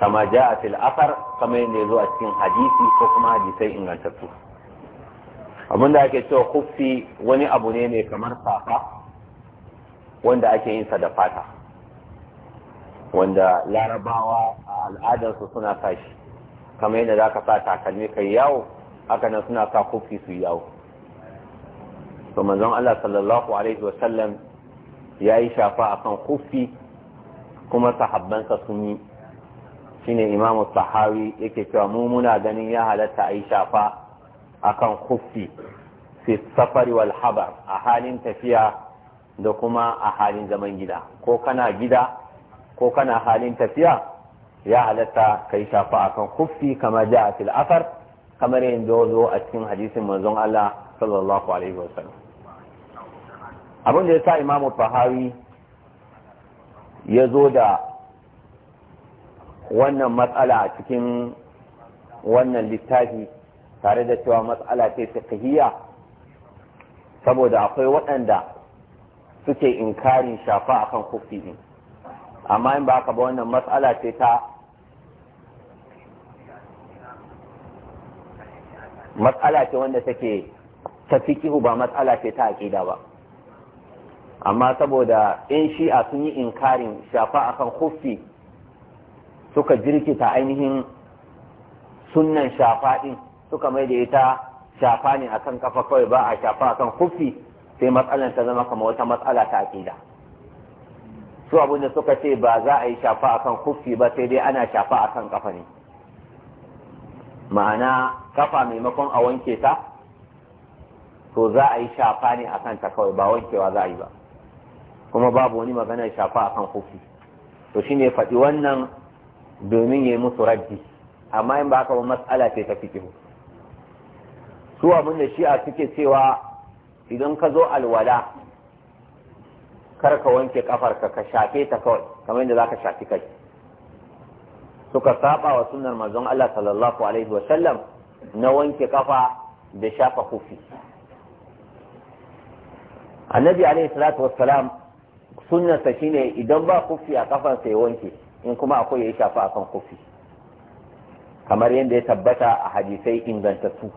kama ja a fil asar kama yadda ya zo a cikin hadisi ko kuma hadisai ingantattu abin da ake cewa kufi wani abu ne mai kamar safa wanda ake yin sa da fata wanda larabawa a al'adarsu suna sa shi kama yadda za ka sa takalmi kai yawo haka nan suna sa kufi su yawo to manzon Allah sallallahu alaihi wasallam ya yi shafa akan kufi kuma sahabbansa sun yi shine imamu sahawi yake cewa mu muna ganin ya halatta a yi shafa akan kufi fi safari wal habar a halin tafiya da kuma a halin zaman gida ko kana gida ko kana halin tafiya ya halatta ka yi shafa akan kufi kama da a fil asar kamar yin dozo a cikin hadisin manzon Allah sallallahu alaihi wasallam abin da ya sa imamu sahawi ya zo da wannan matsala a cikin wannan littafi tare da cewa matsala ce fiqhiyya saboda akwai waɗanda suke inkarin shafa akan kufi din amma in ba ka ba wannan matsala ce ta matsala ce wanda take ta fikihu ba matsala ce ta aƙida ba amma saboda shi shi'a sun yi inkarin shafa akan kufi suka jirkita ainihin sunnan shafa suka mai da ita shafa ne akan kafa kawai ba a shafa akan kufi sai matsalan ta zama kamar wata matsala ta aƙida su da suka ce ba za a yi shafa akan kufi ba sai dai ana shafa akan kafa ne ma'ana kafa maimakon a wanke ta to za a yi shafa ne kan ta kawai ba wankewa za a yi ba kuma babu wani maganar shafa akan kufi to shine faɗi wannan domin ya yi musu raddi amma in ba haka ba matsala ce ta fikihu su abin da shi'a suke cewa idan ka zo alwala kar ka wanke kafar ka shafe ta kawai kamar yadda za ka shafi kai suka saba wa sunnar manzon Allah sallallahu alaihi wa sallam na wanke kafa da shafa kufi annabi alaihi salatu wassalam sunnarsa shine idan ba kufi a kafansa ya wanke in kuma akwai ya shafa akan kofi kamar yadda ya tabbata a hadisai ingantattu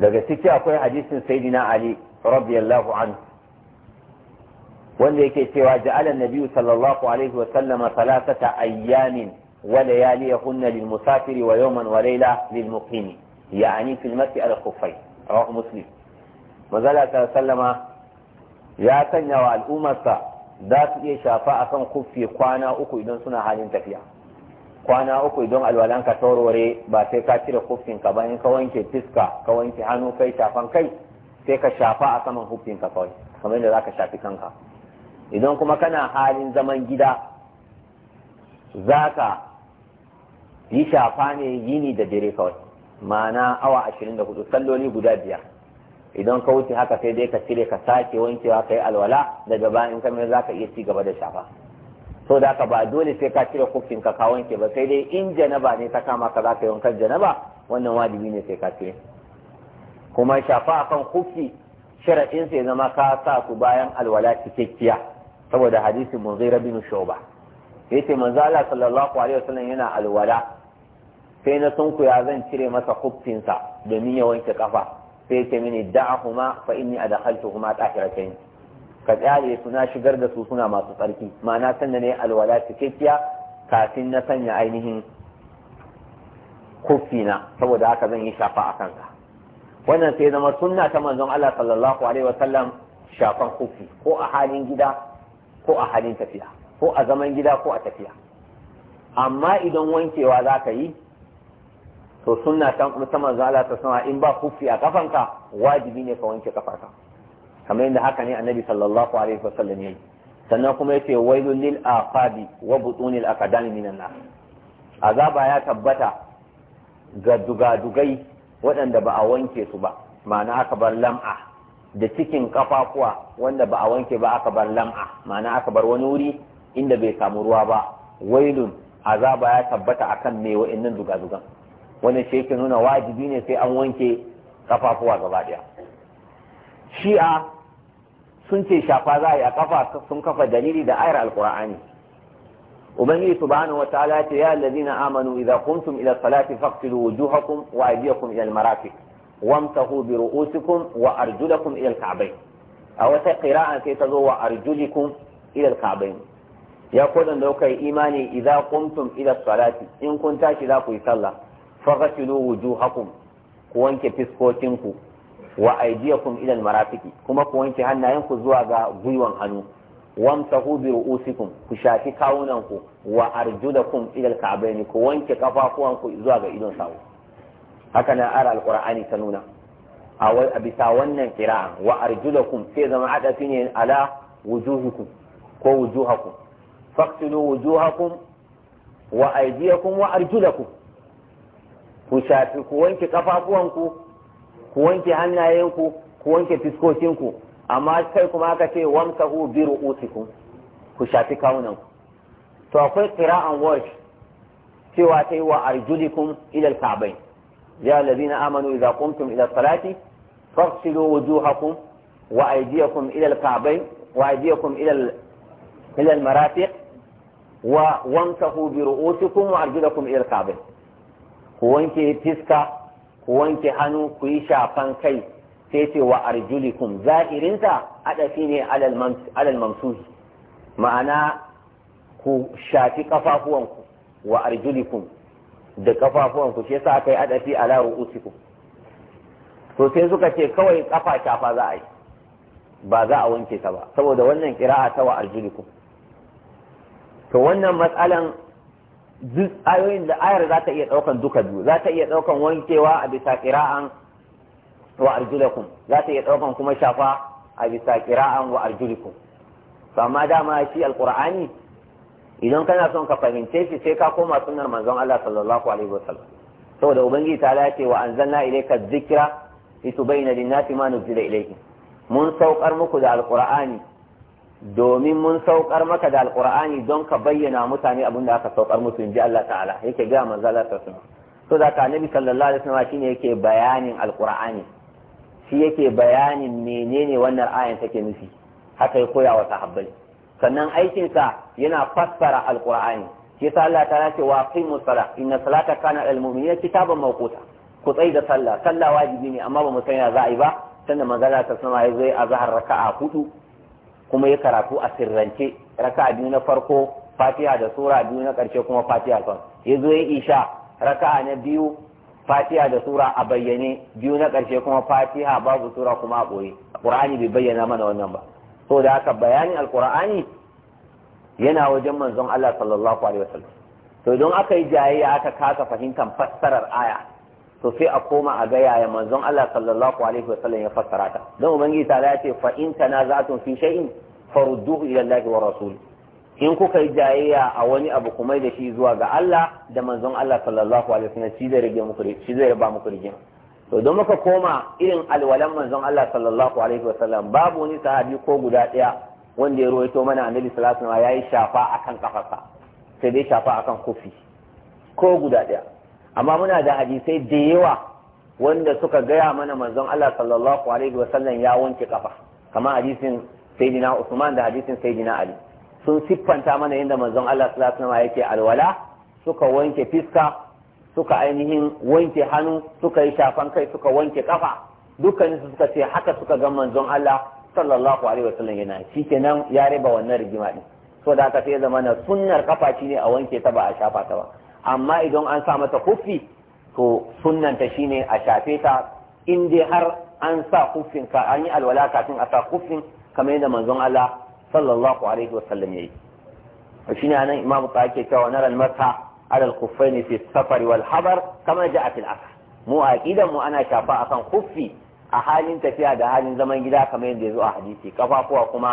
daga ciki akwai hadisin sayyidina ali radiyallahu anhu wanda yake cewa ja'ala Nabi'u sallallahu alaihi wa sallama thalathata ayyamin wa layaliyahunna lil musafiri wa yawman wa layla lil muqimi yani fil masi al khuffay rawahu muslim sallama ya sanya wa al'ummarsa za su iya shafa a kan kufi kwana uku idan suna halin tafiya kwana uku idan alwalan ka taurore ba sai ka cire kuffin ka bayan ka wanke fiska ka wanke hannu kai shafan kai sai ka shafa a saman kuffin ka kawai kamar yadda zaka shafi kanka idan kuma kana halin zaman gida zaka yi shafa ne yini da dare kawai ma'ana awa ashirin da hudu salloli guda biyar idan ka wuce haka sai dai ka cire ka sake wankewa kai alwala daga bayan ka za ka iya ci gaba da shafa so da ka ba dole sai ka cire kufin ka ka wanke ba sai dai in janaba ne ta kama ka ka yi janaba wannan wajibi ne sai ka cire kuma shafa akan kufi shara'in sai zama ka sa su bayan alwala cikakkiya saboda hadisin munzira shoba ya ce manzo Allah sallallahu alaihi wasallam yana alwala sai na sunku ya zan cire masa kufinsa domin ya wanke kafa sai ce mini da'ahuma fa inni adkhaltuhuma tahiratayn ka tsare su na shigar da su suna masu tsarki ma'ana sanna ne alwala cikakkiya kafin na sanya ainihin kufina saboda haka zan yi shafa a kanka wannan sai zama sunna ta manzon Allah sallallahu alaihi wasallam shafan kufi ko a halin gida ko a halin tafiya ko a zaman gida ko a tafiya amma idan wankewa za ka yi to suna ta musamman manzo ta sama in ba kufi a kafanka wajibi ne ka wanke kafarka kamar yadda haka ne annabi sallallahu alaihi wasallam yayi sannan kuma yace wailul lil aqabi wa butunil aqdami minan nar azaba ya tabbata ga dugadugai waɗanda ba a wanke su ba ma'ana aka bar lam'a da cikin kafafuwa wanda ba a wanke ba aka bar lam'a ma'ana aka bar wani wuri inda bai samu ruwa ba wailun azaba ya tabbata akan me wa'annan dugadugan wanda shi yake nuna wajibi ne sai an wanke kafafuwa gaba daya shi'a sun ce shafa za a yi a kafa sun kafa dalili da ayar alkur'ani ubangiji subhanahu wa ta'ala ce ya allazina amanu idza qumtum ila salati faqtilu wujuhakum wa aydiyakum ila almarafiq wamsahu bi ru'usikum wa arjulakum ila alka'bayn a wata qira'a sai ta zo wa arjulikum ila alka'bayn ya kodan da kai imani idza qumtum ila salati in kun tashi za ku yi sallah faghsilu wujuhakum ku wanke fiskokinku wa aydiyakum ila almarafiqi kuma ku wanke hannayenku zuwa ga gwiwan hannu wamsahu bi ru'usikum ku shafi kawunanku wa arjulakum ila alka'bayn ku wanke kafafuwanku zuwa ga idon sawu haka na ara alqur'ani ta nuna a bisa wannan kira'a wa arjulakum sai zama adafi ne ala wujuhikum ko wujuhakum faqtulu wujuhakum wa aydiyakum wa arjulakum ku shafi ku wanke kafafuwanku ku wanke hannayenku ku wanke fiskokinku amma kai kuma aka ce wamsahu bi ru'usikum ku shafi kawunanku to akwai qira'an wash cewa ta yi wa arjulikum ila al-ka'bayn ya allazina amanu idza qumtum ila salati faghsilu wujuhakum wa aydiyakum ila al-ka'bayn wa aydiyakum ila ila al-marafiq wa wamsahu bi ru'usikum wa arjulakum ila al-ka'bayn ku wanke fiska ku wanke hannu ku yi shafan kai sai ce wa arjulikum za'irinta shi ne alal mamsuhi ma'ana ku shafi kafafuwanku wa arjulikum da kafafuwanku shi yasa kai ada adafi ala ru'usikum to sai suka ce kawai kafa shafa za a yi ba za a wanke ta ba saboda wannan kira'a ta wa arjulikum to wannan matsalan duk ayoyin da ayar za ta iya ɗaukan duka biyu za ta iya ɗaukan wankewa a bisa ƙira'an wa arjulakum za ta iya ɗaukan kuma shafa a bisa ƙira'an wa arjulakum to amma dama shi alƙur'ani idan kana son ka fahimce shi sai ka koma sunnar manzon Allah sallallahu alaihi wasallam saboda ubangiji ta ce wa anzalna ilayka dhikra litubayyana lin-nasi ma nuzila ilayhim mun saukar muku da alƙur'ani domin mun saukar maka da alqur'ani don ka bayyana mutane abin da aka saukar musu inji Allah ta'ala yake ga manzo Allah ta sunna so da nabi sallallahu alaihi wasallam shine yake bayanin alqur'ani shi yake bayanin menene wannan ayan take nufi haka ya koya wa sahabbai sannan aikinsa yana fassara alqur'ani shi yasa Allah ta ce wa qimus salah inna salata kana lil mu'minina kitaban mawquta ku tsai da sallah sallah wajibi ne amma ba mu san za a yi ba sannan manzo ta sunna ya zo a zahar raka'a hudu kuma ya karatu a sirrance raka'a biyu na farko fatiha da sura biyu na karshe kuma fatiha son ya zo ya isha raka'a na biyu fatiha da sura a bayyane biyu na karshe kuma fatiha babu sura kuma a ɓoye qur'ani bai bayyana mana wannan ba so da haka bayanin alqur'ani yana wajen manzon Allah sallallahu alaihi wasallam to don aka yi jayayya aka kasa fahimtar fassarar aya to sai a koma a ga yaya manzon Allah sallallahu alaihi wa sallam ya fassara ta dan ubangiji ta ya ce fa in tanaza'tum fi shay'in farudduhu ila Allah wa rasul in kuka yi jayayya a wani abu kuma da shi zuwa ga Allah da manzon Allah sallallahu alaihi wa sallam shi zai rage muku shi zai ba muku rigima to don muka koma irin alwalan manzon Allah sallallahu alaihi wa sallam babu wani sahabi ko guda daya wanda ya ruwaito mana annabi sallallahu alaihi wa sallam yayi shafa akan kafarsa sai dai shafa akan kufi ko guda daya amma muna da hadisai da yawa wanda suka gaya mana manzon Allah sallallahu alaihi wa sallam ya wanke kafa kamar hadisin sayyidina Usman da hadisin sayyidina Ali sun siffanta mana yadda manzon Allah sallallahu alaihi wa sallam yake alwala suka wanke fiska suka ainihin wanke hannu suka yi shafan kai suka wanke kafa dukkanin su suka ce haka suka ga manzon Allah sallallahu alaihi wa sallam yana shikenan ya riba wannan rigima din so da haka sai zama na sunnar kafa ne a wanke ta ba a shafa ta ba amma idan an sa mata kufi to sunnanta shine a shafe ta in dai har an sa kufin ka an yi alwala kafin a sa kufin kamar yadda manzon Allah sallallahu alaihi wasallam yayi shine anan imamu ta yake cewa na almasa ala kufaini fi safar wal habar kama ja'a fil asr mu aqidan mu ana shafa akan kuffi a halin tafiya da halin zaman gida kamar yadda ya zo a hadisi kafafuwa kuma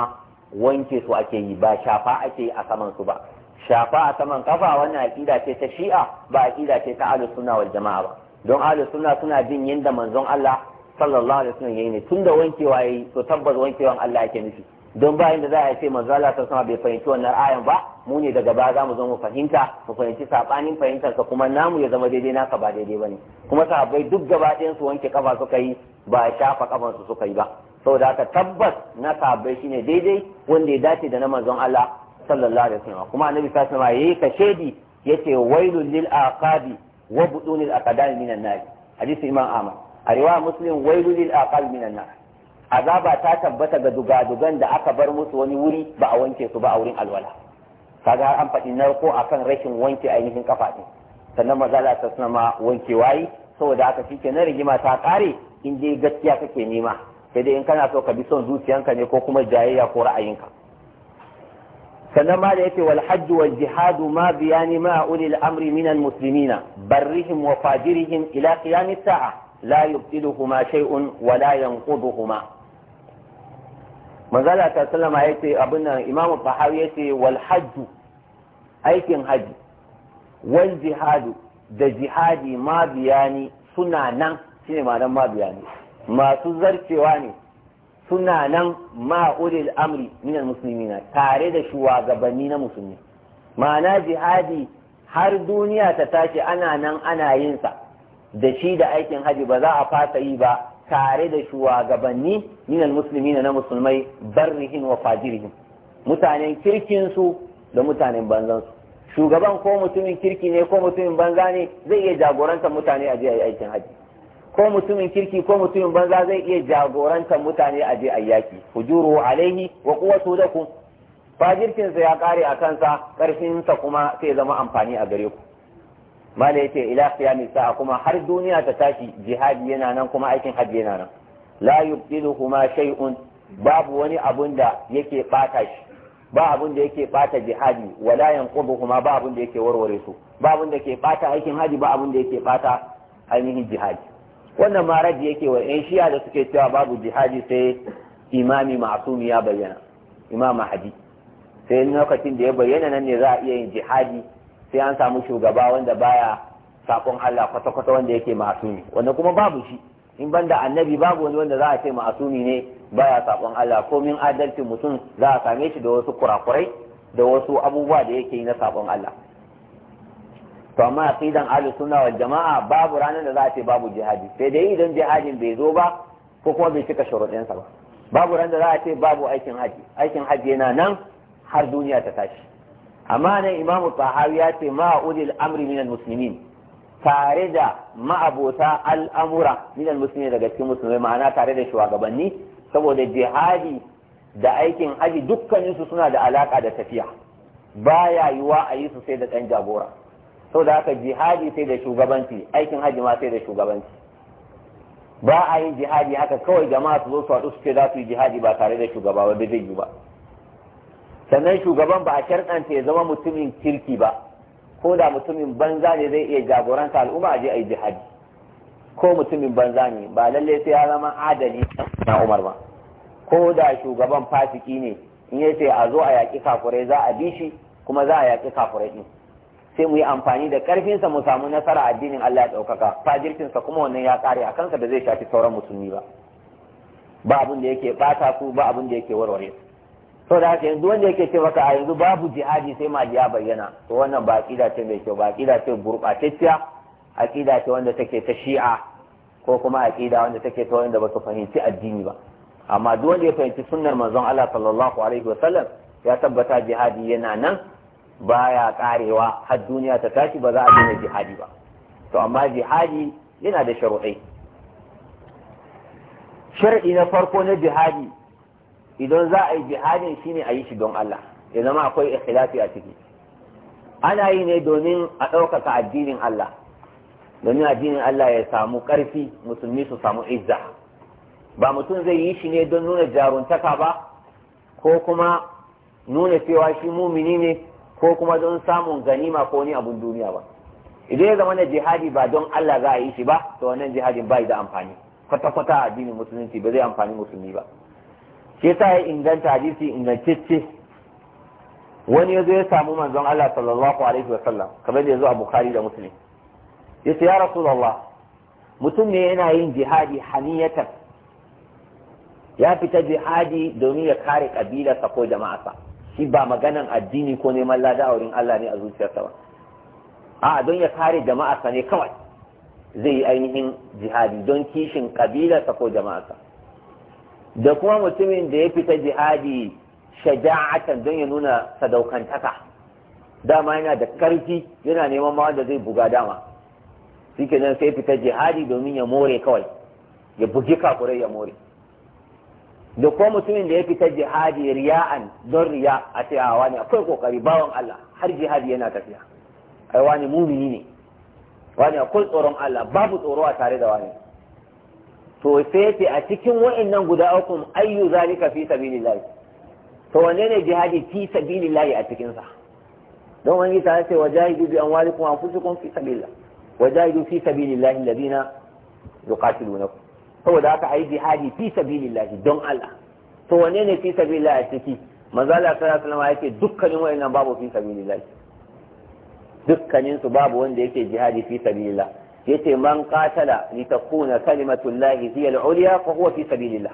wanke su ake yi ba shafa ake yi a saman su ba shafa a saman kafa wannan aƙida ce ta shi'a ba aƙida ce ta ahlus sunna wal jama'a ba don ahlus sunna suna bin yanda manzon Allah sallallahu alaihi wasallam yayi ne tunda wankewa yayi to tabbas wankewan Allah yake nufi don bayan da za a ce manzon Allah alaihi wasallam bai fahimci wannan ayan ba mu ne daga baya za mu zo mu fahimta mu fahimci sabanin fahimtar ka kuma namu ya zama daidai naka ba daidai bane kuma sahabbai duk gaba ɗayan su wanke kafa suka yi ba shafa kafan su suka yi ba saboda haka tabbas na sahabbai shine daidai wanda ya dace da na manzon Allah sallallahu alaihi wasallam kuma annabi sallallahu alaihi yayi kashedi yace wailul lil aqabi wa budunil aqdami minan nar hadisi imam ahmad a riwaya muslim wailul lil aqabi minan nar azaba ta tabbata ga dugadugan da aka bar musu wani wuri ba a wanke su ba a wurin alwala kaga an faɗi narko akan rashin wanke ainihin kafa din sannan maza za ta suna ma wanke wayi saboda haka shi na rigima ta kare in dai gaskiya kake nema sai dai in kana so ka bi son zuciyanka ne ko kuma jayayya ko ra'ayinka sannan ma da yake walhajju hajj wal ma biyani ma ulil amri min al muslimina barrihim wa fajirihim ila qiyam as sa'a la yubtiluhuma shay'un wa la yanquduhuma manzala ta sallama yace abin nan imamu bahawi yace wal aikin haji wal jihadu da jihadi ma biyani suna nan shine ma nan ma biyani masu zarcewa ne suna nan ma amri minal muslimina tare da shugabanni na musulmi ma'ana jihadi har duniya ta tashi ana nan ana yin sa da shi da aikin haji ba za a fasa yi ba tare da shugabanni minal muslimina na musulmai barrihin wa fajirihin mutanen kirkin su da mutanen banzan su shugaban ko mutumin kirki ne ko mutumin banza ne zai iya jagorantar mutane a je aikin haji ko mutumin kirki ko mutumin banza zai iya jagorantar mutane a je yaki hujuru alaihi wa quwwatu lakum fajirkin sa ya kare a kansa karfin sa kuma sai zama amfani a gare ku malai yace ila qiyami sa'a kuma har duniya ta tashi jihadi yana nan kuma aikin hajji yana nan la kuma shay'un babu wani abun da yake bata shi ba abun da yake bata jihadi wala kuma ba abun da yake warware su ba abun da ke bata aikin haji ba abun da yake bata ainihin jihadi wannan ma yake wa yan shi'a da suke cewa babu jihadi sai imami ma'asumi ya bayyana imam mahadi sai lokacin da ya bayyana nan ne za a iya yin jihadi sai an samu shugaba wanda baya sakon Allah kwata-kwata wanda yake ma'asumi wanda kuma babu shi in ban da annabi babu wani wanda za a ce ma'asumi ne baya sakon Allah ko min adalcin mutum za a same shi da wasu kurakurai da wasu abubuwa da yake yi na sakon Allah to amma aqidan ahlus sunna wal jama'a babu ranar da za a ce babu jihadi sai dai idan jihadin bai zo ba ko kuma bai cika shuruɗin sa ba babu ranar da za a ce babu aikin haji aikin haji yana nan har duniya ta tashi amma nan imamu tahawi ya ce ma ulil amri minal muslimin tare da ma'abota al'amura minal muslimin daga cikin musulmai ma'ana tare da shugabanni saboda jihadi da aikin haji dukkaninsu suna da alaka da tafiya baya yiwuwa a yi su sai da ɗan jagora sau da haka jihadi sai da shugabanci aikin hajji ma sai da shugabanci ba a yin jihadi haka kawai da masu zo su haɗu su ce za su yi jihadi ba tare da shugaba ba zai yi ba sannan shugaban ba a sharɗanta ya zama mutumin kirki ba ko da mutumin banza ne zai iya jagoranta al'umma a je a yi jihadi ko mutumin banza ne ba lallai sai ya zama adali na umar ba ko da shugaban fasiki ne in ya ce a zo a yaƙi kafurai za a bi shi kuma za a yaƙi kafurai ɗin sai mu yi amfani da karfinsa mu samu nasara addinin Allah ya ɗaukaka fajircinsa kuma wannan ya kare a kansa da zai shafi sauran musulmi ba ba abin da yake bata su ba abin da yake warware su to da haka yanzu wanda yake ce maka a yanzu babu jihadi sai ya bayyana to wannan ba aqida ce mai kyau ba aqida ce gurɓatacciya aqida ce wanda take ta shi'a ko kuma aqida wanda take ta wanda ba su fahimci addini ba amma duk wanda ya fahimci sunnar manzon Allah sallallahu alaihi wasallam ya tabbata jihadi yana nan baya karewa har duniya ta tashi ba za a daina jihadi ba to amma jihadi yana da sharuɗai shar'i na farko na jihadi idan za a yi jihadin shine a yi shi don Allah ya zama akwai ikhlasi a ciki ana yi ne domin a ɗaukaka addinin Allah domin addinin Allah ya samu ƙarfi musulmi su samu izza ba mutum zai yi shi ne don nuna jaruntaka ba ko kuma nuna cewa shi mumini ne ko kuma don samun ganima ko wani abun duniya ba idan ya zama na jihadi ba don Allah za a yi shi ba to wannan jihadin bai da amfani kwata-kwata a addinin musulunci ba zai amfani musulmi ba shi yasa ya inganta hadisi ingantacce wani yazo ya samu manzon Allah sallallahu alaihi wasallam kamar da yazo a Bukhari da Muslim yace ya Rasulullah mutum ne yana yin jihadi haniyatan ya fita jihadi domin ya kare kabilarsa ko jama'arsa shi ba maganan addini ko neman lada a wurin Allah ne a zuciyarsa ba a don ya kare jama'arsa ne kawai zai yi ainihin jihadi don kishin kabilarsa ko jama'arsa da kuma mutumin da ya fita jihadi shaja'atan don ya nuna sadaukantaka dama yana da karfi yana neman ma wanda zai buga dama shi sai fita jihadi domin ya more kawai ya bugi kakurai ya more da ko mutumin da ya fita jihadi riya'an don riya a ce a wani akwai kokari bawan Allah har jihadi yana tafiya ai wani mumini ne wani akwai tsoron Allah babu tsoro a tare da wani to sai ce a cikin wa'annan guda uku ayyu zalika fi sabilillah to wanne ne jihadi fi sabilillah a cikin sa don wani ta ce wajahidu bi amwalikum anfusikum fi sabilillah wajahidu fi sabilillah alladhina yuqatilunakum saboda haka ayi jihadi fi sabilillahi don Allah to wane ne fi sabilillahi a ciki manzo Allah sallallahu alaihi wasallam yake dukkanin wayannan babu fi sabilillahi dukkanin su babu wanda yake jihadi fi sabilillah yace man qatala li takuna kalimatullahi hiya al-ulya fa huwa fi sabilillah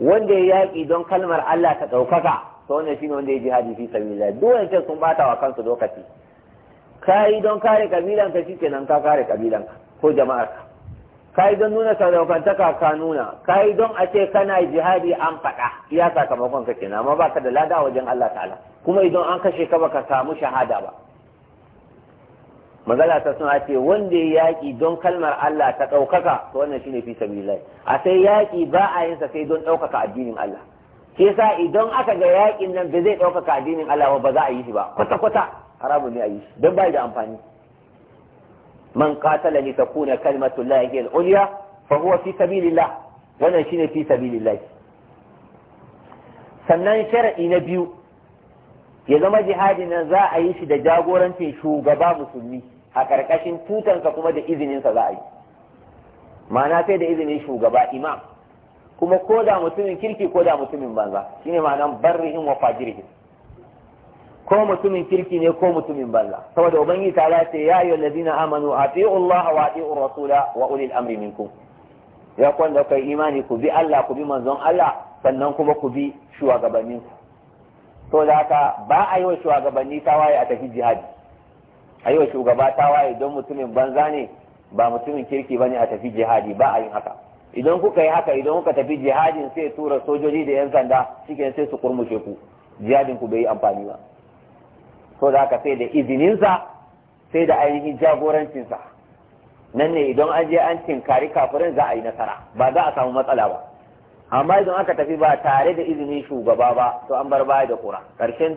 wanda ya yaki don kalmar Allah ta daukaka to wannan shine wanda ya jihadi fi sabilillah duk wanda sun bata wa kansu lokaci kai don kare kabilanka shikenan ka kare kabilanka ko jama'arka kai don nuna sadaukantaka ka nuna kai don a ce kana jihadi an faɗa ya sakamakon ka kenan amma baka da lada wajen Allah ta'ala kuma idan an kashe ka baka samu shahada ba magana ta suna ce wanda ya yaƙi don kalmar Allah ta ɗaukaka to wannan shine fi sabilillah a sai yaƙi ba a yin sa sai don ɗaukaka addinin Allah ke sa idan aka ga yaƙin nan ba zai ɗaukaka addinin Allah ba ba za a yi shi ba kwata kwata haramun ne a yi shi don bai da amfani man qatala li takuna kalimatu llahi hiya al-ulya fa huwa fi sabilillah wannan shine fi sabilillah sannan shar'i na biyu ya zama jihadi nan za a yi shi da jagorancin shugaba musulmi a ƙarƙashin tutansa kuma da izininsa za a yi ma'ana sai da izinin shugaba imam kuma ko da mutumin kirki ko da mutumin banza shine ma'anan barrihin wa fajirhin ko mutumin kirki ne ko mutumin Balla saboda ubangiji ta ce ya ayyuhal ladina amanu ati'u allaha wa ati'u rasula wa ulil amri minkum ya kwanda kai imani ku bi Allah ku bi manzon Allah sannan kuma ku bi shugabannin ku to da haka ba a yi wa shugabanni tawaye a tafi jihadi a yi wa shugaba tawaye don mutumin banza ne ba mutumin kirki bane a tafi jihadi ba a yin haka idan kuka yi haka idan kuka tafi jihadin sai tura sojoji da yan sanda shikenan sai su kurmushe ku jihadin ku bai yi amfani ba so da aka sai da izininsa sai da ainihin jagorancinsa nan ne idan an je an tinkari kafirin za a yi nasara ba za a samu matsala ba amma idan aka tafi ba tare da izinin shugaba ba to an bar baya da kura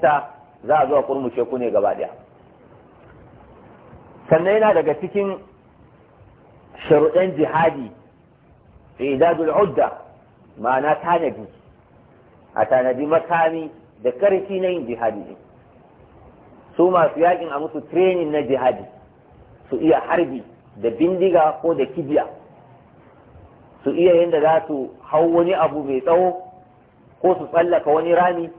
ta za a zo a kurmushe ku ne gaba daya sannan yana daga cikin sharuɗan jihadi idadul udda ma'ana tanadi a tanadi makami da karfi na yin jihadi ne su masu yakin a musu training na jihadi su iya harbi da bindiga ko da kibiya su iya yadda za su hau wani abu mai tsawo ko su tsallaka wani rami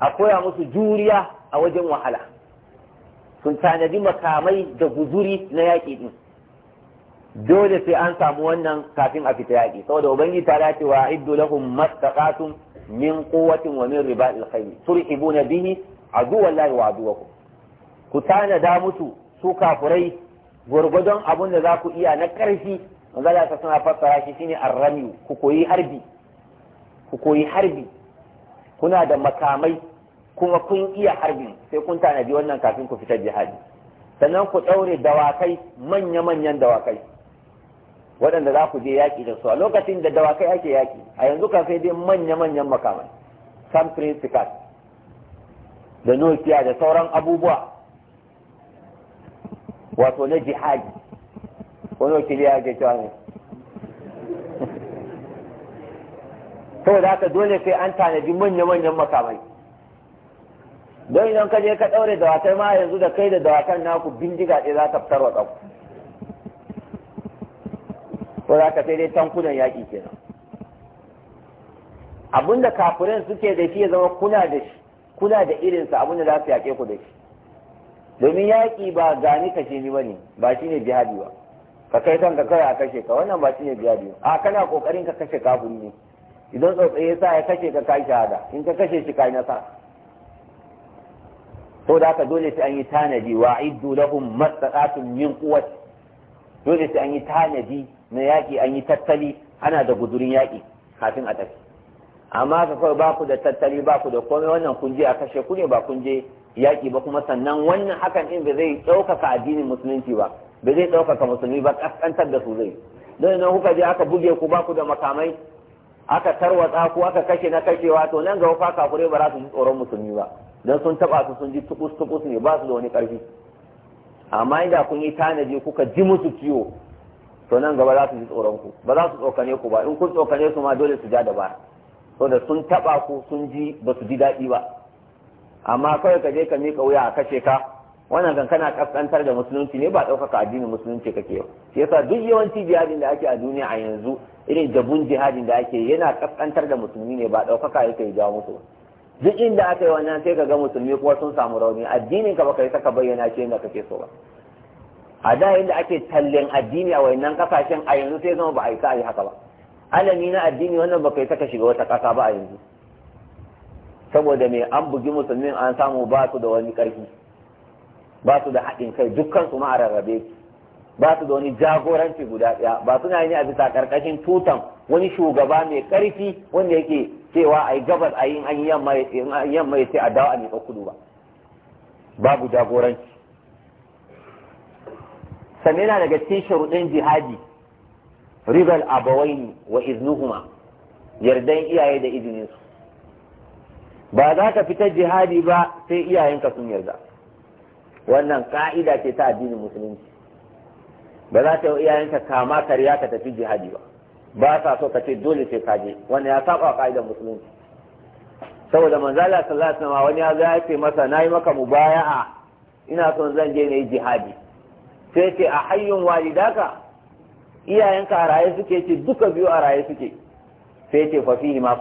a koya musu juriya a wajen wahala sun tanadi makamai da guzuri na yaƙi din dole sai an samu wannan kafin a fita yaƙi saboda ubangi ta dace wa iddu lahum mastaqatum min quwwatin wa min ribatil khayl turhibuna bihi azu wallahi wa aduwakum ku tanada mutu su kafurai gurgudon abun da za ku iya na ƙarfi manzala ta suna fassara shi shine arrami ku koyi harbi ku koyi harbi kuna da makamai kuma kun iya harbin sai kun tanadi wannan kafin ku fitar jihadi sannan ku ɗaure dawakai manya-manyan dawakai waɗanda za ku je yaƙi da su a lokacin da dawakai ake yaƙi a yanzu kan sai dai manya-manyan makamai sam principles da nokiya da sauran abubuwa wato na jihadi wani wakili ya ke cewa ne saboda haka dole sai an tanadi manya-manyan makamai don idan ka je ka ɗaure dawakai ma yanzu da kai da dawakan naku bindiga ɗaya za ka fitar wa ɗauku ko za ka sai dai tankunan yaƙi kenan abinda kafirin suke da shi ya zama kuna da shi kuna da irinsa abin da za su yaƙe ku da shi domin yaƙi ba gani kashe ni bane ba shi ne jihadi ba ka kai kanka kai a kashe ka wannan ba shi ne jihadi ba a kana kokarin ka kashe kafin ne idan ya sa ya kashe ka kai shahada in ka kashe shi kai nasa to da ka dole sai an yi tanadi wa iddu lahum mastata'atun min quwwat dole sai an yi tanadi na yaƙi an yi tattali ana da gudurin yaƙi kafin a tafi amma ka kawai ba ku da tattali ba ku da komai wannan kun je a kashe ku ne ba kun je yaƙi ba kuma sannan wannan hakan in ba zai ɗaukaka addinin musulunci ba ba zai ɗaukaka musulmi ba ƙasƙantar da su zai don idan kuka je aka buge ku ba ku da makamai aka tarwatsa ku aka kashe na kashewa to nan ga fa kakure ba za su ji tsoron musulmi ba don sun taɓa su sun ji tukus tukus ne ba su da wani ƙarfi amma inda kun yi tanaji kuka ji musu ciwo to nan gaba za su ji tsoron ku ba za su tsokane ku ba in kun tsokane su ma dole su ja da baya wanda sun taba ko sun ji ba su ji daɗi ba amma kawai ka je ka miƙa wuya a kashe ka wannan kan kana kaskantar da musulunci ne ba ɗaukaka addinin musulunci kake yau shi yasa duk yawanci jihadin da ake a duniya a yanzu irin jabun jihadin da ake yana kaskantar da musulmi ne ba ɗaukaka yake ya jawo musu duk inda aka yi wannan sai ka ga musulmi kuma sun samu rauni addinin ka baka yi saka bayyana shi inda kake so ba a da inda ake tallen addini a wayannan kasashen a yanzu sai zama ba a yi sa'ayi haka ba alami na addini wannan baka yi saka shiga wata ƙasa ba a yanzu saboda mai an bugi musulmin an samu ba su da wani ƙarfi ba su da haɗin kai dukkan ma a rarrabe ba su da wani jagoranci guda ɗaya ba suna yi a bisa ƙarƙashin tutan wani shugaba mai ƙarfi wanda yake cewa a yi gabas a yi an yamma ya ce a dawo a miƙa kudu ba babu jagoranci sannan yana daga cikin shirudin jihadi ribal abawain wa iznuhuma yardan iyaye da izinin su ba za ka fita jihadi ba sai iyayenka sun yarda wannan ka'ida ce ta addinin musulunci ba za ta yi iyayenka kama kariya ka tafi jihadi ba ba sa so ka ce dole sai ka je wannan ya saba ka'idar musulunci saboda Allah sallallahu alaihi wasallam wani ya ga ya ce masa nayi maka mubaya'a ina son zan je ne jihadi sai ce a hayyun walidaka iyayenka a raye suke ce duka biyu a raye suke sai ce fa fihi ma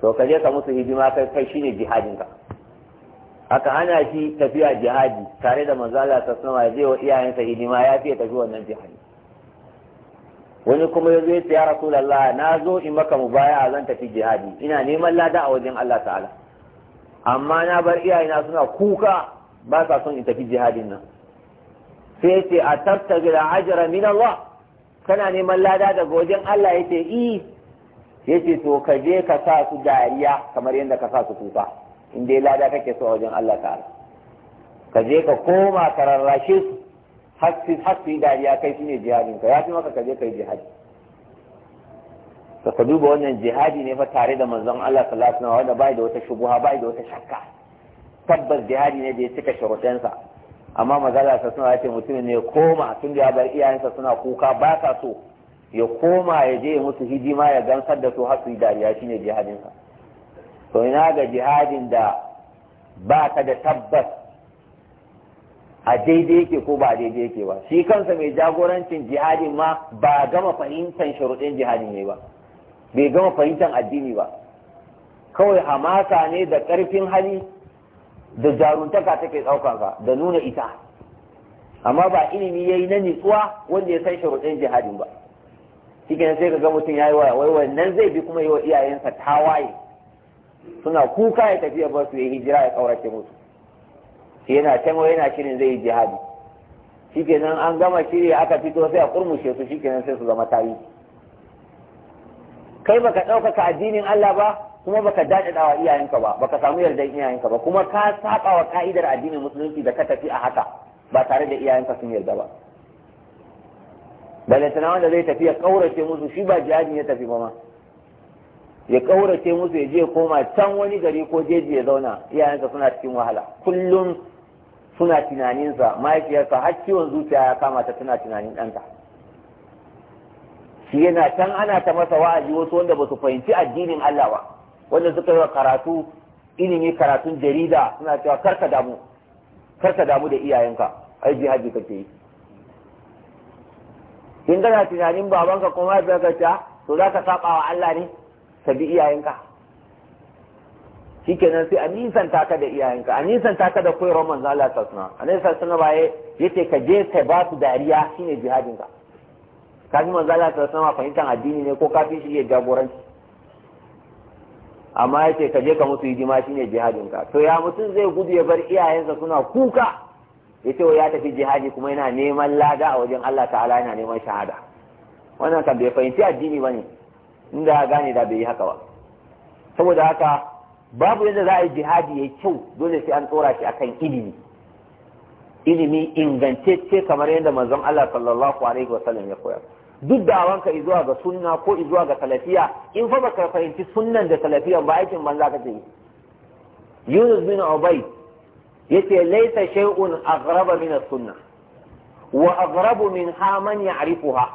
to ka je ka musu hidima kai kai shine jihadin ka aka ana shi tafiya jihadi tare da manzo Allah ta sama je wa iyayensa hidima ya fiye tafi wannan jihadi wani kuma ya zo ya rasulullah na zo in maka mu a zan tafi jihadi ina neman lada a wajen Allah ta'ala amma na bar iyayena suna kuka ba sa son in tafi jihadin nan sai ce a tattabi da ajira min Allah kana neman lada daga wajen Allah ya yace i e. ce to ka je ka sa su dariya kamar yadda ka sa su kuka in dai lada kake so wajen Allah ta'ala ka je ka koma ka rarrashe su hasfi hasfi dariya kai shine jihadin ka fi maka ka je ka yi jihadi ka duba wannan jihadi ne fa tare da manzon Allah sallallahu alaihi wasallam wanda bai da wata shubuha bai da wata shakka tabbas jihadi ne da ya cika sharuɗansa amma magana sa suna ce mutum ne koma tun da ya bar iyayensa suna kuka ba sa so ya koma ya je musu hidima ya gansar da su hasu dariya shine ne jihadinsa to ina ga jihadin da ba ka da tabbas a daidai yake ko ba daidai yake ba shi kansa mai jagorancin jihadin ma ba gama fahimtar sharuɗin jihadin ne ba bai gama fahimtar addini ba kawai hamasa ne da ƙarfin hali da jaruntaka take ɗauka ka da nuna ita amma ba ilimi ya yi na nitsuwa wanda ya san sharuɗin jihadin ba cikin sai ga mutum ya yi waya wai wannan zai bi kuma yi wa iyayensa tawaye suna kuka ya tafiya ba su ya hijira ya ƙaurace musu shi yana can yana shirin zai yi jihadi shikenan an gama shiri aka fito sai a kurmushe su shikenan sai su zama tarihi kai baka ɗaukaka addinin Allah ba kuma baka dadada wa iyayenka ba baka samu yardan iyayenka ba kuma ka saba wa ka'idar addinin musulunci da ka tafi a haka ba tare da iyayenka sun yarda ba tana wanda zai tafi ya kaurace musu shi ba jihadin ya tafi ba ma ya kaurace musu ya je koma can wani gari ko jeji ya zauna iyayensa suna cikin wahala kullum suna tunaninsa mahaifiyarsa har ciwon zuciya ya kama ta suna tunanin ɗanta shi yana can ana ta masa wa'azi wasu wanda ba su fahimci addinin Allah ba wanda suka yi wa karatu ilimi karatun jarida suna cewa karka damu karka damu da iyayenka ai jihadi kake yi in kana tunanin babanka kuma ya ka ta to za ka saba wa Allah ne ka bi iyayenka shikenan sai a nisan taka da iyayenka a nisan taka da koyarwar manzo Allah sallallahu alaihi wasallam sallallahu alaihi yace ka je ka ba su dariya shine jihadin ka kafin manzo Allah sallallahu alaihi wasallam fahimtar addini ne ko kafin shi ya jagoranci amma ya ce ka je ka musu hidima ne jihadin ka to ya mutum zai gudu ya bar iyayensa suna kuka ya ce ya tafi jihadi kuma yana neman lada a wajen Allah ta'ala yana neman shahada wannan kan bai fahimci addini bane inda ya gane da bai yi haka ba saboda haka babu yadda za a yi jihadi ya kyau dole sai an tsora shi akan ilimi ilimi ingantacce kamar yadda manzon Allah sallallahu alaihi wasallam ya koyar duk da dawanka izuwa ga sunna ko izuwa ga salafiya in fa baka fahimci sunnan da salafiya ba aikin banza ka yi Yunus bin Ubay yace laysa shay'un aghraba min as-sunnah wa aghrabu min ha man ya'rifuha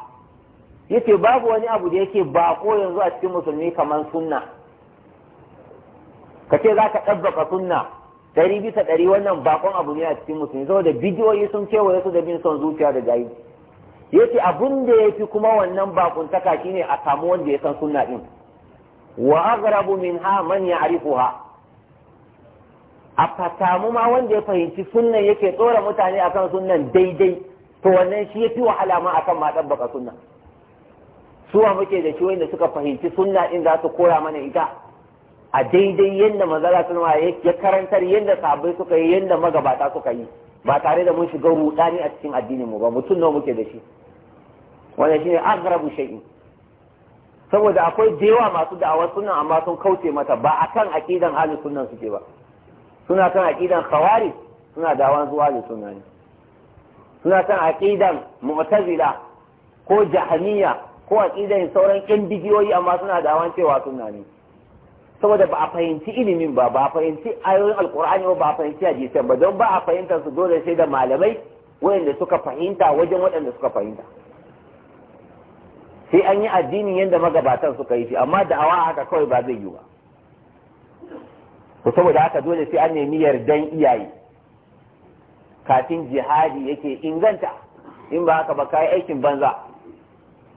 yace babu wani abu da yake ko yanzu a cikin musulmi kamar sunna kace zaka dabbaka sunna dari bisa dari wannan bakon abu ne a cikin musulmi saboda bidiyoyi sun kewaye su da bin son zuciya da gayi. yace abun da yafi kuma wannan bakuntaka shine a samu wanda ya san sunna din wa aghrabu minha man ya'rifuha a samu ma wanda ya fahimci sunnan yake tsora mutane akan sunnan daidai to wannan shi yafi wahala alama akan ma dabbaka sunna suwa muke da shi wanda suka fahimci sunna din za su kora mana ita a daidai yadda manzala wa ya karantar yadda sabai suka yi yadda magabata suka yi ba tare da mun shiga rudani a cikin addinin mu ba mutum nawa muke da shi wannan ne agrabu shay'in saboda akwai dewa masu da'awa sunan amma sun kauce mata ba a kan aqidan ahlus sunna suke ba suna kan aqidan khawarij suna da'awan zuwa ahli sunna ne suna kan aqidan mu'tazila ko jahmiya ko aqidan sauran kin bidiyoyi amma suna da'awan cewa sunna ne saboda ba a fahimci ilimin ba ba a fahimci ayoyin Alƙur'ani ba a fahimci hadisan ba don ba a fahimtar su dole sai da malamai wayanda suka fahimta wajen waɗanda suka fahimta sai an yi addini yadda magabatan suka yi shi amma da'awa haka kawai ba zai yi ba Ko saboda haka dole sai an nemi yardan iyaye kafin jihadi yake inganta in ba haka ba kai aikin banza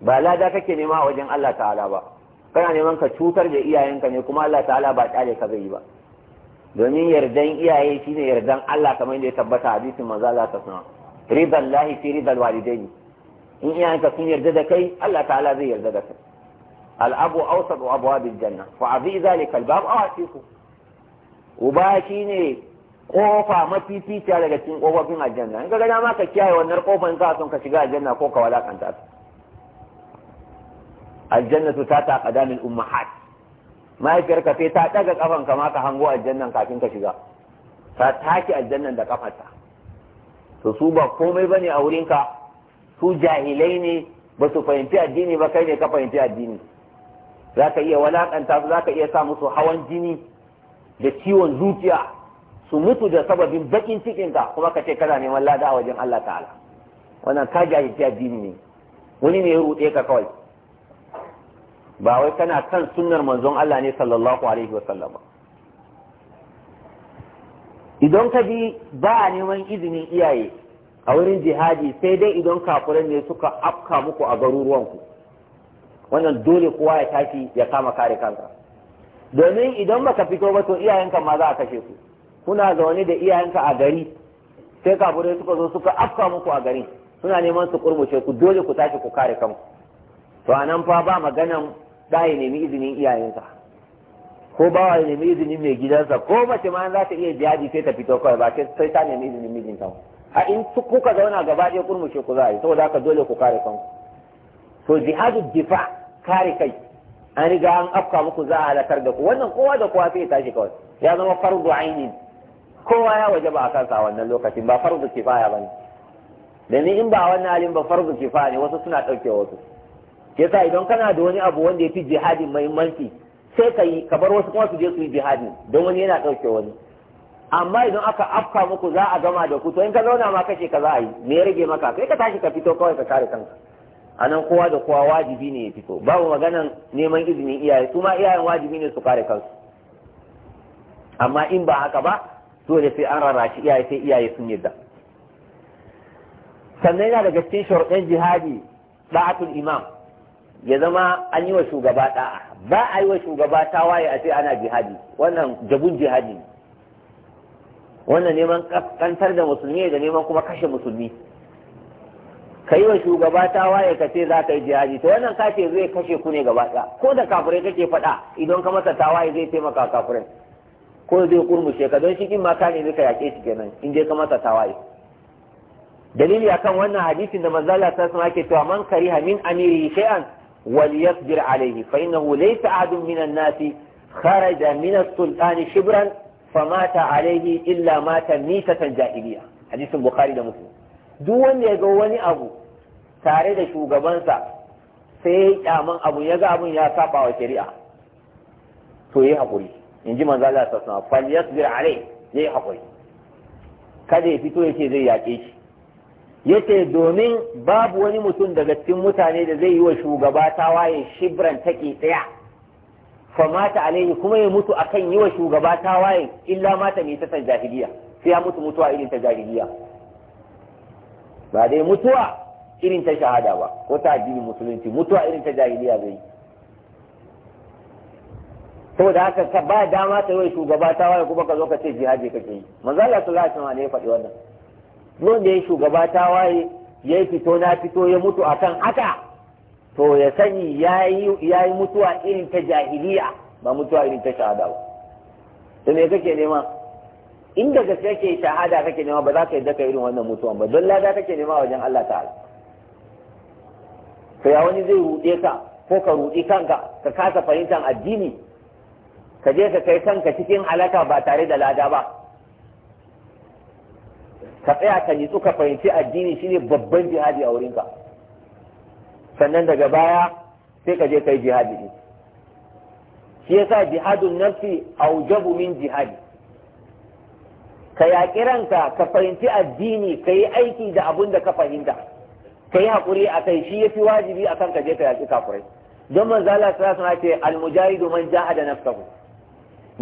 ba lada kake nema a wajen Allah ta'ala ba kana neman ka cutar da iyayenka ne kuma Allah ta'ala ba kyale ka zai yi ba domin yardan iyaye shine yardan Allah kamar yadda ya tabbata hadisin manzo Allah ta sanar Riban lahi fi ridal walidaini in iyayenka sun yarda da kai Allah ta'ala zai yarda da kai al'abu awsat wa abwabil janna fa azi zalika albab aw atiku uba shine kofa mafi mafificiya daga cikin kofofin aljanna in ka ga dama ka kiyaye wannan kofan ka ka shiga aljanna ko ka walakanta ta aljanna ta ta qadamil ummahat mahaifiyarka sai ta daga kafan ka ka hango Aljanna kafin ka shiga ta take Aljanna da kafarta to su ba komai bane a wurinka su jahilai ne ba su fahimci addini ba kai ne ka fahimci addini za ka iya walakanta su za ka iya sa musu hawan jini da ciwon zuciya su mutu da sababin bakin cikinka kuma ka ce kana neman lada a wajen Allah ta'ala wannan ka jahilci addini ne wani ne ya ruɗe ka kawai ba wai kana kan sunnar manzon Allah ne sallallahu alaihi wa sallam idan ka bi ba a neman izinin iyaye a wurin jihadi sai dai idan kafirai ne suka afka muku a garuruwanku wannan dole kowa ya tashi ya kama kare kanka domin idan baka fito ba to iyayenka ma za a kashe ku kuna zaune da iyayenka a gari sai kafirai suka zo suka afka muku a gari suna neman su kurmushe ku dole ku tashi ku kare kanku to a nan fa ba maganan da ya nemi izinin iyayensa ko ba ya nemi izinin mai gidansa ko mace ma za ta iya jihadi sai ta fito kawai ba sai ta nemi izinin mijinta a in kuka zauna gaba ɗaya kurmushe ku za a yi saboda haka dole ku kare kanku to jihadu difa kare kai an riga an afka muku za a halakar da ku wannan kowa da kowa sai ya tashi kawai ya zama fardu aini kowa ya waje ba a kansa a wannan lokacin ba fardu kifaya ba ne domin in ba wannan halin ba fardu kifaya ne wasu suna ɗauke wasu yasa idan kana da wani abu wanda ya fi jihadin muhimmanci sai ka yi ka bar wasu kuma su je su yi jihadin don wani yana ɗauke wani amma idan aka afka muku za a gama da ku to in ka zauna ma kashe ka za a yi me ya rage maka kai ka tashi ka fito kawai ka kare kanka a nan kowa da kowa wajibi ne ya fito babu maganan neman izinin iyaye su ma iyayen wajibi ne su kare kansu amma in ba haka ba dole sai an rarrashi iyaye sai iyaye sun yadda sannan yana daga cikin sharuɗin jihadi da'atul imam ya zama an yi wa shugaba da'a ba a yi wa shugaba tawaye a ce ana jihadi wannan jabun jihadi ne wannan neman kantar da musulmi da neman kuma kashe musulmi ka yi wa shugaba ta waye ka ce za ka yi jihadi ta wannan ka ce zai kashe ku ne gaba ɗaya ko da kafirai kake faɗa idan ka masa ta waye zai taimaka kafirai ko zai kurmushe ka don shi kin ma ka ne zai ka yaƙe shi kenan in dai ka masa ta waye dalili akan wannan hadisin da manzo Allah sallallahu ke cewa man kariha min amiri shay'an walyasbir Alayhi fa innahu laysa ahadun minan nasi kharaja min as-sultani shibran famata alaihi illa mata nisatan jahiliya hadisin bukhari da muslim duk wanda ya ga wani abu tare da shugabansa sai ya yi kyaman abu ya ga abun ya saba wa shari'a to yi hakuri in ji manzo Allah sallallahu alaihi wasallam fal yasbir alai yayi hakuri kada ya fito yace zai yaƙe shi yace domin babu wani mutum daga cikin mutane da zai yi wa shugaba tawaye shibran take tsaya famata alaihi kuma ya mutu akan yi wa shugaba waye. illa mata mai ta jahiliya sai ya mutu mutuwa irin ta jahiliya ba dai mutuwa irin ta shahada ba ko ta addinin musulunci mutuwa irin ta jahiliya zai saboda haka ka ba dama ta yi shugaba ta waye kuma ka zo ka ce jihadi kake yi manzo Allah sallallahu alaihi ya faɗi wannan don da ya shugaba ta waye ya fito na fito ya mutu akan haka to ya sani ya yi mutuwa irin ta jahiliya ba mutuwa irin ta shahada ba to me kake nema Inda da gaske kake shahada kake nema ba za ka yadda ka irin wannan mutuwan ba don lada kake nema wajen Allah ta'ala to ya wani zai ruɗe ka ko ka ruɗi kanka ka kasa fahimtar addini ka je ka kai kanka cikin halaka ba tare da lada ba ka tsaya ka nitsu ka fahimci addini shine babban jihadi a wurinka sannan daga baya sai ka je kai jihadi din shi yasa jihadun nafsi aujabu min jihadi ka yaƙi ranka ka fahimci addini ka yi aiki da abun da ka fahimta ka yi haƙuri a kai shi yafi wajibi a kan ka je ka yaƙi kafurai don manzo Allah ta sana ce almujahidu man jahada nafsahu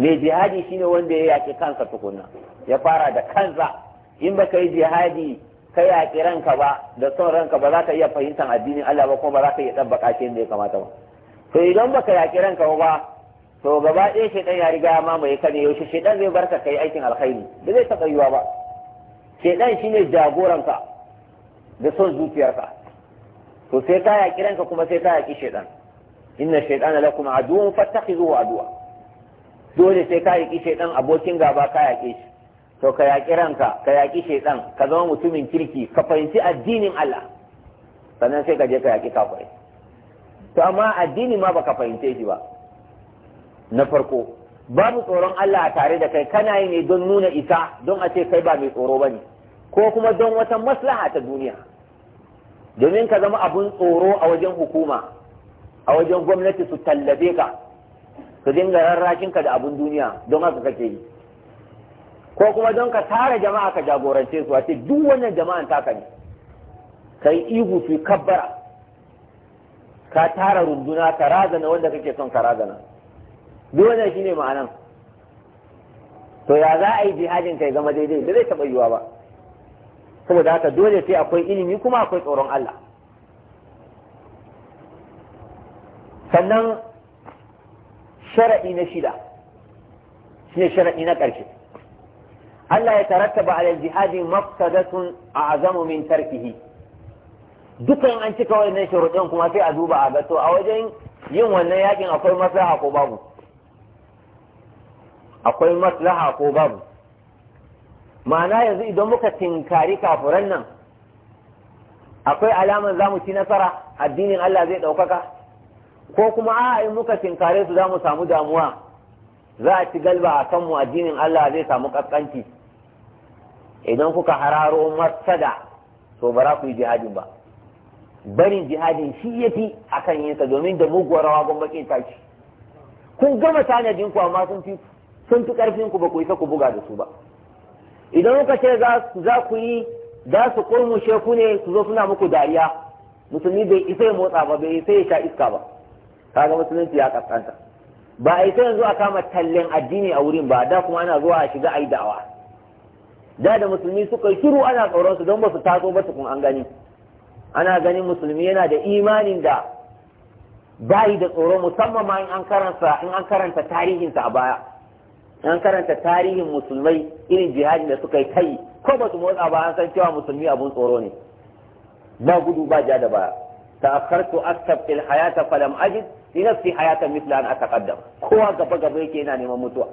mai jihadi shine wanda ya yaƙi kansa tukunna ya fara da kansa in baka yi jihadi ka yaƙi ranka ba da son ranka ba za ka iya fahimtar addinin Allah ba kuma ba za ka iya ɗabbaka shi da ya kamata ba to idan ba ka yaƙi ranka ba to gaba ɗaya shaidan ya riga ya mamaye ka ne yaushe shaidan zai barka kai aikin alkhairi ba zai taɓa yiwa ba shaidan shine jagoranka da son zuciyarka to sai ka yaƙi ranka kuma sai ka yaƙi shaidan inna kuma lakum aduwwun fattakhidhuhu addu'a dole sai ka yaƙi shaidan abokin gaba ka yaƙe shi to ka yaƙi ranka ka yaƙi shaidan ka zama mutumin kirki ka fahimci addinin Allah sannan sai ka je ka yaƙi kafirai to amma addini ma baka fahimce shi ba na farko babu tsoron Allah a tare da kai kana yi ne don nuna isa don a ce kai ba mai tsoro ba ne, ko kuma don wata maslaha ta duniya domin ka zama abun tsoro a wajen hukuma a wajen gwamnati su tallabe ka su dinga rarrashin ka da abun duniya don haka kake yi ko kuma don ka tara jama'a ka jagorance su a ce duk wannan jama'an taka ne ka yi ihu su kabbara ka tara runduna ka razana wanda kake son ka razana duk wannan shine ma'anan to ya za a yi jihadin kai zama daidai da zai taɓa yiwuwa ba saboda haka dole sai akwai ilimi kuma akwai tsoron Allah sannan shara'i na shida shine shara'i na ƙarshe Allah ya tarattaba alal jihadi mafsadatun a'zamu min tarkihi dukan an cika wannan shuruɗin kuma sai a duba a ga to a wajen yin wannan yakin akwai maslaha ko babu akwai maslaha ko babu ma'ana yanzu idan muka tinkari kafuran nan akwai alaman za ci nasara addinin Allah zai ɗaukaka ko kuma a in muka tinkare su zamu samu damuwa za a ci galba a kanmu addinin Allah zai samu ƙasƙanci idan kuka hararo masada to ba za ku yi jihadin ba barin jihadin shi ya fi a kan yinsa domin da muguwar rawa gwamnatin tashi kun gama tanadin ku amma sun fi sun fi karfin ku ba ku isa ku buga da su ba idan kuka ce za ku yi za su kurmushe sheku ne su zo suna muku dariya musulmi bai isa ya motsa ba bai isa ya sha iska ba kaga musulunci ya kaskanta ba a isa yanzu a kama tallen addini a wurin ba da kuma ana zuwa a shiga ayi da'awa da da musulmi suka yi shiru ana tsoron su don ba su taso ba tukun an gani ana ganin musulmi yana da imanin da bayi da tsoro musamman ma in an karanta in an karanta tarihinsa a baya an karanta tarihin musulmai irin jihadin da suka yi kai ko ba su motsa ba an san cewa musulmi abun tsoro ne ba gudu ba ja da baya ta'akkartu aktab il hayata falam ajid li nafsi hayatan mithla an ataqaddam kowa gaba gaba yake yana neman mutuwa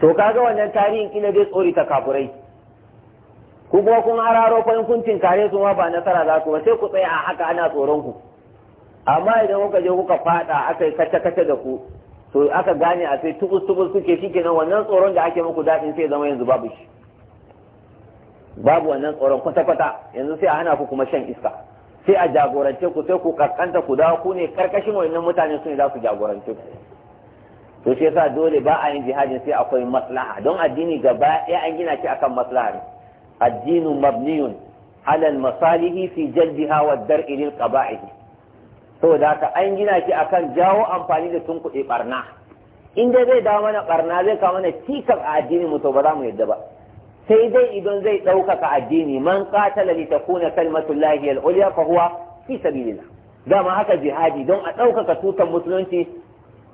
to kaga wannan tarihin kila zai tsori ta kafurai ku kuma kun hararo fa in kare su ma ba nasara za ku ba sai ku tsaya a haka ana tsoron ku amma idan kuka je kuka fada aka yi kace kace da ku to aka gane a sai tubus tubus suke shikenan wannan tsoron da ake muku dadin sai zama yanzu babu shi babu wannan tsoron kwata kwata yanzu sai a hana ku kuma shan iska sai a jagorance ku sai ku kaskanta ku dawo ku ne karkashin wannan mutane su ne za su jagorance ku to shi yasa dole ba a yin jihadin sai akwai maslaha don addini gaba ɗaya an gina shi akan maslaha ne addinu mabniyun alal masalihi fi jaddiha wa dar'i lil qaba'ihi da haka an gina shi akan jawo amfani da tunkuɗe barna in dai zai dawo mana barna zai kawo mana cikar a addini mu to ba za mu yadda ba sai dai idan zai ɗaukaka addini man qatala li takuna kalmatullahi al-ulya fa huwa fi sabilillah dama haka jihadi don a ɗaukaka tutan musulunci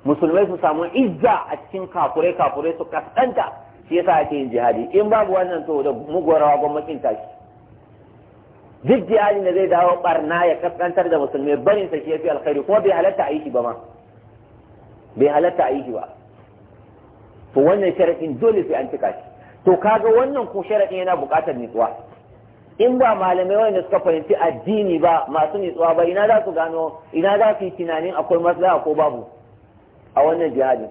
musulmai su samu izza a cikin kafure kafure su kaskanta shi yasa ake yin jihadi in babu wannan to da mugwarawa gwamnatin tashi duk jihadi da zai dawo barna ya kaskantar da musulmai barin sa shi yafi alkhairi kuma bai halatta aiki ba ma bai halatta aiki ba to wannan sharadin dole sai an cika shi to kaga wannan ko sharadin yana buƙatar nutsuwa in ba malamai wanda suka fahimci addini ba masu nutsuwa ba ina za su gano ina za su yi tunanin akwai maslaha ko babu a wannan jihadin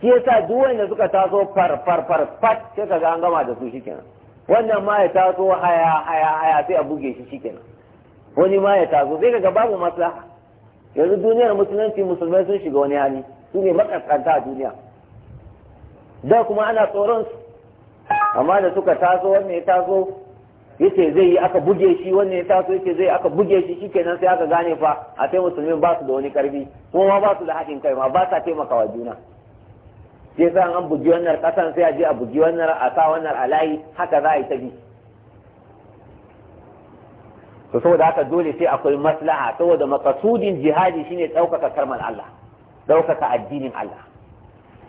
shi yasa duk wanda suka taso far far far fat sai kaga an gama da su shikenan wannan ma ya taso haya haya haya sai a buge shi shikenan wani ma ya taso sai kaga babu maslaha yanzu duniyar musulunci musulmai sun shiga wani hali su ne makaskanta a duniya da kuma ana tsoron su amma da suka taso wannan ya taso yace zai yi aka buge shi wannan ya taso yace zai aka buge shi shikenan sai aka gane fa a sai musulmin ba su da wani karfi kuma ma ba su da haɗin kai ma ba sa taimakawa juna sai sa an bugi wannan kasan sai a je a bugi wannan a sa wannan a layi haka za a yi ta bi to saboda haka dole sai akwai maslaha saboda makasudin jihadi shine ɗaukaka karman Allah ɗaukaka addinin Allah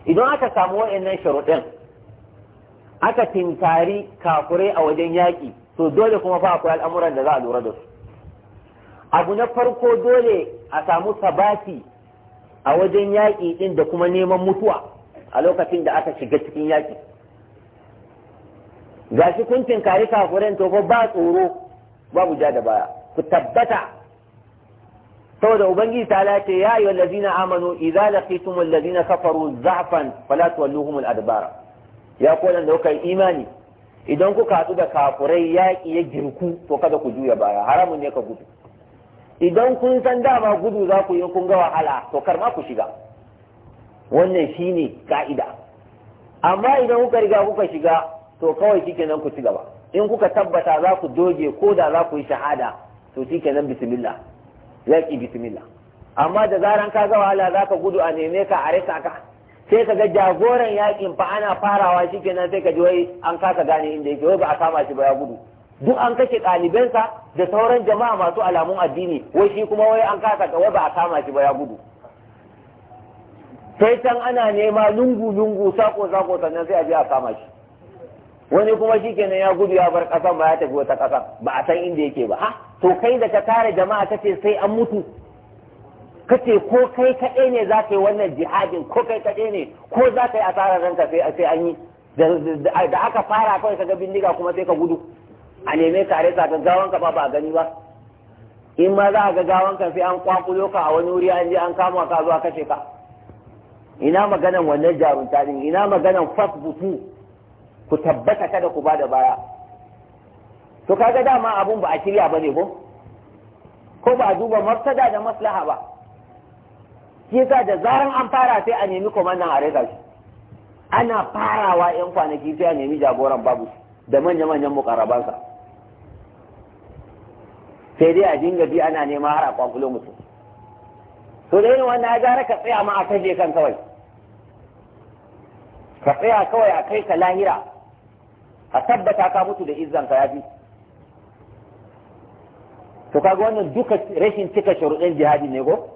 idan aka samu wa'annan sharuɗin aka tinkari kafurai a wajen yaƙi to dole kuma fa akwai al'amuran da za a lura da su abu na farko dole a samu sabati a wajen yaƙi ɗin da kuma neman mutuwa a lokacin da aka shiga cikin yaƙi ga shi kun kare kafuran to ba tsoro babu ja da baya ku tabbata saboda ubangiji ta lace ya yi wallazina amanu idza laqitum wallazina kafaru za'fan fala tuwalluhum al-adbara ya kodan da kai imani idan kuka haɗu da kafurai yaƙi ya girku to kada ku juya baya haramun ne ka gudu idan kun san dama gudu za ku yi kun ga wahala to kar ma ku shiga wannan shine ka'ida amma idan kuka riga kuka shiga to kawai nan ku ci gaba in kuka tabbata za ku doge ko da za ku yi shahada to nan bismillah yaƙi bismillah amma da zaran ka ga wahala za ka gudu a neme ka a ka sai ka ga jagoran yakin fa ana farawa shikenan sai ka ji wai an kasa gane inda yake wai ba a kama shi ba ya gudu duk an kashe ɗalibansa da sauran jama'a masu alamun addini wai shi kuma wai an kasa wai ba a kama shi ba ya gudu sai can ana nema lungu lungu sako sako sannan sai a je a kama shi wani kuma shikenan ya gudu ya bar kasan ba ya tafi wata kasa ba a san inda yake ba ha to kai da ka kare jama'a kace sai an mutu kace ko kai kaɗai ne za ka yi wannan jihadin ko kai kaɗai ne ko za ka yi asarar ranka sai an yi da aka fara kawai ka ga bindiga kuma sai ka gudu a neme ka are ga gaggawan ka ba ba gani ba in ma za a gaggawan ka sai an kwakulo ka a wani wuri an je an kama ka zuwa kashe ka ina maganan wannan jarunta din ina maganan fasbutu ku tabbata kada ku bada baya to kaga dama abun ba a shirya bane ko ko ba a duba mafsada da maslaha ba shi yasa da zaran an fara sai a nemi komandan a reza shi ana farawa yan kwanaki sai a nemi jagoran babu da manya-manyan mukarabansa sai dai a dinga bi ana nema har a kwakulo mutum to da yin wannan ya gara ka tsaya ma a kashe kan kawai ka tsaya kawai a kai ka lahira a tabbata ka mutu da izzan ka yafi to kaga wannan duka rashin cika shuruɗin jihadi ne ko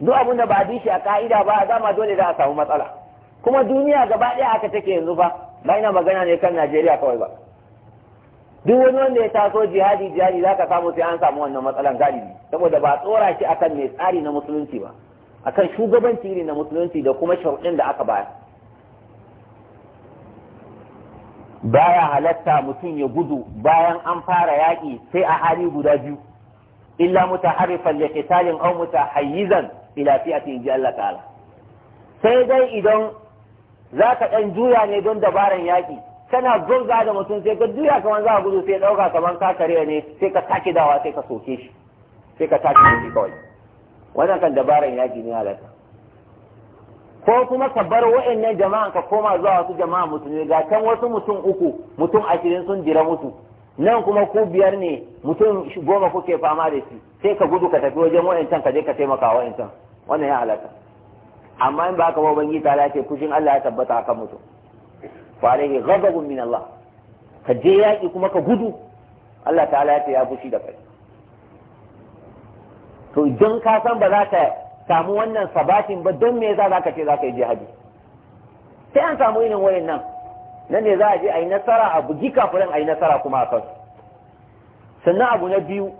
duk abin da ba bi shi a ka'ida ba a zama dole za a samu matsala kuma duniya gaba ɗaya aka take yanzu ba ba ina magana ne kan Najeriya kawai ba duk wani wanda ya taso jihadi jihadi ka samu sai an samu wannan matsalan galibi saboda ba tsora shi akan mai tsari na musulunci ba akan shugabanci ne na musulunci da kuma sharuɗin da aka bayar baya halatta mutum ya gudu bayan an fara yaƙi sai a hali guda biyu illa mutaharrifan liqitalin aw mutahayyizan ila fi'ati inji Allah ta'ala sai dai idan za ka ɗan juya ne don dabaran yaƙi kana gurga da mutum sai ka juya kamar za a gudu sai ɗauka kamar ka kare ne sai ka take dawa sai ka soke shi sai ka take shi kawai wannan kan dabaran yaƙi ne halatta ko kuma ka bar wa'annan jama'an ka koma zuwa wasu jama'a ne ga can wasu mutum uku mutum ashirin sun jira mutu nan kuma ku biyar ne mutum goma kuke fama da shi sai ka gudu ka tafi wajen wa'ancan ka je ka taimaka wa'ancan wannan ya halatta amma in ba ka ba bangi ta lafiya fushin Allah ya tabbata akan mutum fa alaihi ghadabun min Allah ka je yaƙi kuma ka gudu Allah ta'ala ya ce ya fushi da kai to idan ka san ba za ka samu wannan sabatin ba don me yasa za ka ce za ka yi jihadi sai an samu irin wayan nan nan ne za a je a yi nasara a bugi kafirin a yi nasara kuma a kansu sannan abu na biyu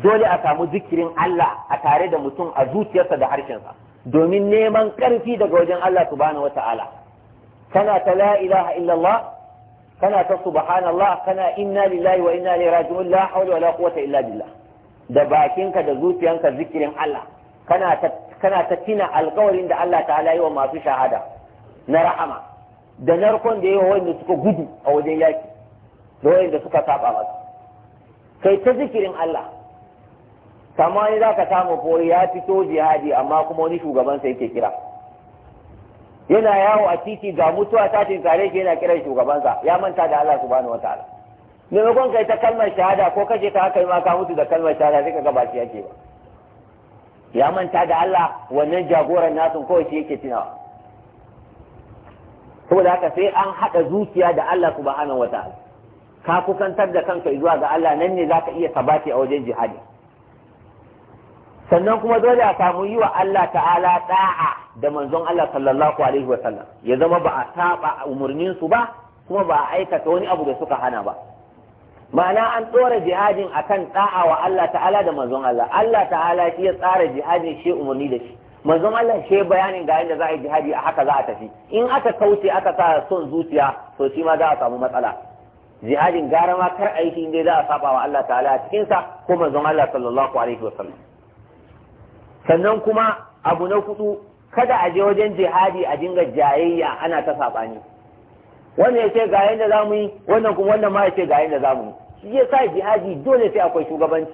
dole a samu zikirin Allah a tare da mutum a zuciyarsa da harshensa domin neman ƙarfi daga wajen Allah subhanahu wata'ala kana ta la ilaha illallah kana ta subhanallah kana inna lillahi wa inna ilaihi raji'un la hawla wala quwwata illa billah da bakinka da zuciyanka zikirin Allah kana ta kana ta tina alƙawarin da Allah ta'ala yi wa masu shahada na rahama da narkon da yawa wanda suka gudu a wajen yaki da wanda suka saba masa kai ta zikirin Allah kamar ni za ka samu fori ya fito jihadi amma kuma wani shugaban sai ke kira yana yawo a titi ga mutuwa ta tare shi yana kiran shugabansa ya manta da Allah subhanahu wataala maimakon kai ta kalmar shahada ko kaje ka haka ma ka mutu da kalmar shahada sai ka ga ba shi yake ba ya manta da Allah wannan jagoran nasu kawai shi yake tunawa saboda haka sai an haɗa zuciya da Allah subhanahu wataala ka kusantar da kanka zuwa ga Allah nan ne zaka iya sabati a wajen jihadi sannan kuma dole a samu yi wa Allah ta'ala da'a da manzon Allah sallallahu alaihi wa sallam ya zama ba a saba umurnin su ba kuma ba a aikata wani abu da suka hana ba ma'ana an tsora jihadin akan da'a wa Allah ta'ala da manzon Allah Allah ta'ala shi ya tsara jihadin shi umurni da shi manzon Allah shi bayanin ga yadda za a yi jihadi a haka za a tafi in aka kauce aka sa son zuciya to shi ma za a samu matsala jihadin gara ma kar aiki inda za a saba wa Allah ta'ala cikin sa ko manzon Allah sallallahu alaihi wa sallam sannan kuma abu na kudu kada a je wajen jihadi a dinga jayayya ana ta saɓani wannan ya ce ga yadda za mu yi wannan kuma wannan ma ya ce ga yadda za mu yi shi ya sa jihadi dole sai akwai shugabanci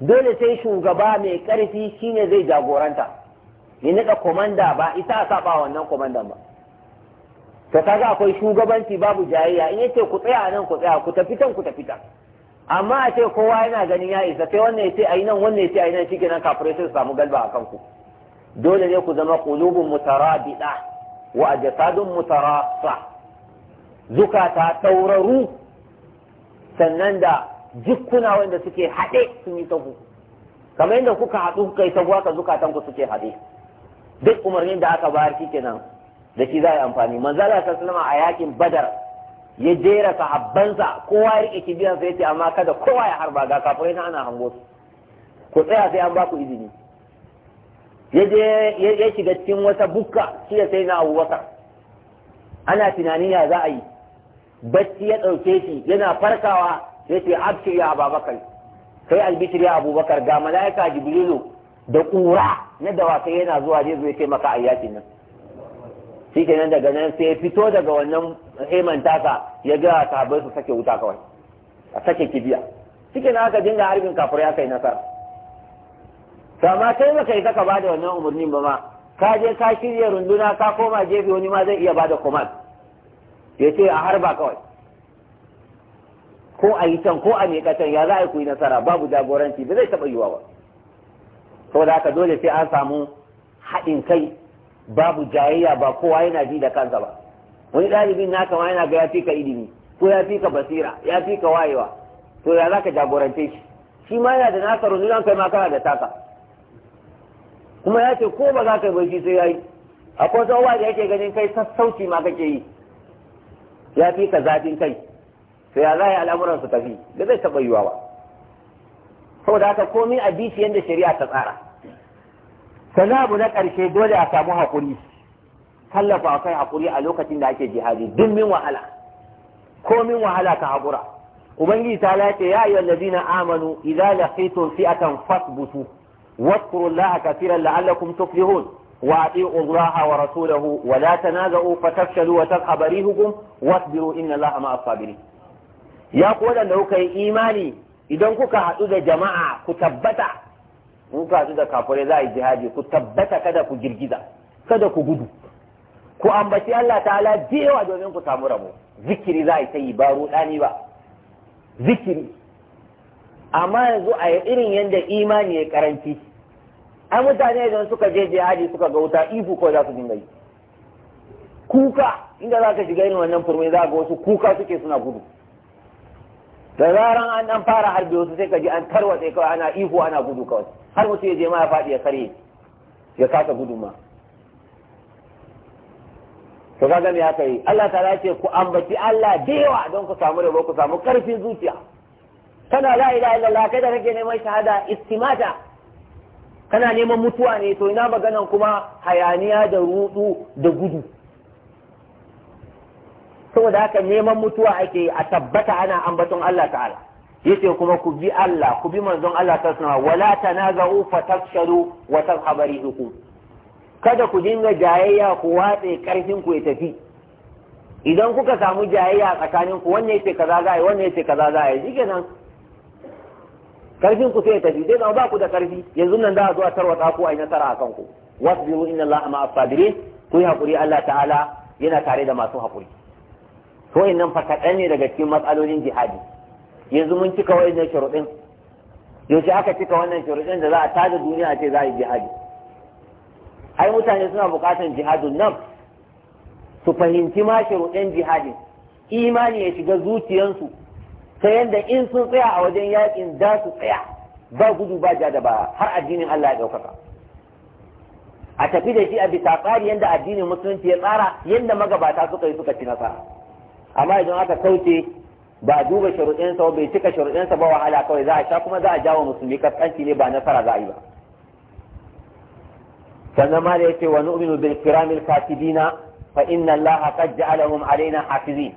dole sai shugaba mai ƙarfi shine zai jagoranta ya nika komanda ba isa a saba wannan komandan ba ta kaga akwai shugabanci babu jayayya in yace ku tsaya nan ku tsaya ku tafi can ku tafi can amma a ce kowa yana ganin ya isa sai wannan ya ce a yi nan wannan ya ce a yi nan shi kenan kafirai sai su samu galba a kanku dole ne ku zama kulubun mutara biɗa wa mutara sa. zukata tauraru sannan da jikkuna wanda suke haɗe sun yi tagu kamar yadda kuka haɗu kuka yi haka zukatan ku suke haɗe duk umarnin da aka bayar shi kenan da shi za a yi amfani manzala sallallahu a yakin badar ya jera sahabbansa kowa ya rike biyan sa yace amma kada kowa ya harba ga kafirai yana ana hango su ku tsaya sai an baku izini ya je ya shiga cikin wata bukka shi ya sai na abubakar ana tunanin ya za a yi bacci ya dauke shi yana farkawa sai ce abshir ya ababakar kai albishir ya abubakar ga mala'ika jibrilu da ƙura na dawakai yana zuwa zai zo ya taimaka a yakin nan shikenan daga nan sai ya fito daga wannan heman tasa ya ga sahabbai su sake wuta kawai a sake kibiya shikenan aka dinga harbin kafur ya kai nasara to amma kai ba yi saka bada wannan umarnin ba ma ka je ka shirya runduna ka koma gefe wani ma zai iya bada command ya ce a harba kawai ko a yi can ko a miƙa can ya za a ku yi nasara babu jagoranci ba zai taɓa yiwa ba saboda haka dole sai an samu haɗin kai babu jayayya ba kowa yana ji da kansa ba wani ɗalibin naka ma yana ga ya fi ka ilimi ko ya fi ka basira ya fi ka wayewa to ya za ka jagorance shi shi ma yana da nasa rundunan kai ma kana da taka kuma ya ce ko ba za ka yi barci sai ya yi akwai wasu da yake ganin kai sassauci ma kake yi ya fi ka zafin kai To ya za yi al'amuran su tafi da zai taɓa yiwa ba saboda haka komai a bishiyar da shari'a ta tsara sanabu na ƙarshe dole a samu haƙuri tallafa kai haƙuri a lokacin da ake jihadi duk min wahala ko min wahala ka haƙura ubangiji ta lafiya ya ayyuhal ladina amanu idza laqitum fi'atan fasbutu wadkurullaha kathiran la'allakum tuflihun wa ati'u allaha wa rasulahu wa la tanaza'u fatafshalu wa tadhhaba rihukum wasbiru inna allaha ma'a sabirin ya ku da kuka yi imani idan kuka haɗu da jama'a ku tabbata in ka da kafirai za a yi jihadi ku tabbata kada ku girgiza kada ku gudu ku ambaci Allah ta'ala jewa domin ku samu rabo zikiri za a yi ta yi ba ruɗani ba zikiri amma yanzu a irin yadda imani ya karanci an mutane idan suka je jihadi suka ga wuta ihu ko za su dinga yi kuka inda za ka shiga irin wannan furmai za ga wasu kuka suke suna gudu da zaran an fara harbe wasu sai ka ji an tarwatse kawai ana ihu ana gudu kawai har mutum ya je ma ya faɗi ya karye ya kasa guduma to kaga me aka yi Allah ta ce ku ambaci Allah da yawa don ku samu rabo ku samu karfin zuciya kana la ilaha illallah kai da kake neman shahada istimata kana neman mutuwa ne to ina maganan kuma hayaniya da rudu da gudu saboda haka neman mutuwa ake a tabbata ana ambaton Allah ta'ala yace kuma ku bi Allah ku bi manzon Allah ta wasallam wala tanaza'u fatafshalu wa tadhhabu rihukum kada ku dinga jayayya ku watse karfin ku ya tafi idan kuka samu jayayya tsakanin ku wanne yace kaza za a yi wanne yace kaza za a yi shikenan karfin ku sai ya tafi sai zama ba ku da karfi yanzu nan za a zo a tarwata ku a nasara a kanku wasbiru inna Allah ma asabirin ku yi hakuri Allah ta'ala yana tare da masu hakuri to nan fa kadan ne daga cikin matsalolin jihadi yanzu mun cika wannan shuruɗin yaushe aka cika wannan shuruɗin da za a tada duniya a ce za a yi jihadi ai mutane suna buƙatar jihadun nan su fahimci ma shuruɗin jihadin imani ya shiga zuciyansu ta yadda in sun tsaya a wajen yakin za su tsaya ba gudu ba ja da ba har addinin Allah ya ɗaukaka a tafi da shi a bisa tsari yadda addinin musulunci ya tsara yadda magabata suka yi suka ci nasara amma idan aka kauce ba duba sharuɗinsa bai cika sharuɗinsa ba wahala kawai za a sha kuma za a jawo musulmi kaskanci ne ba nasara za a yi ba sannan ma da yace wa nu'minu bil kiramil katibina fa inna allaha qad ja'alahum alaina hafizin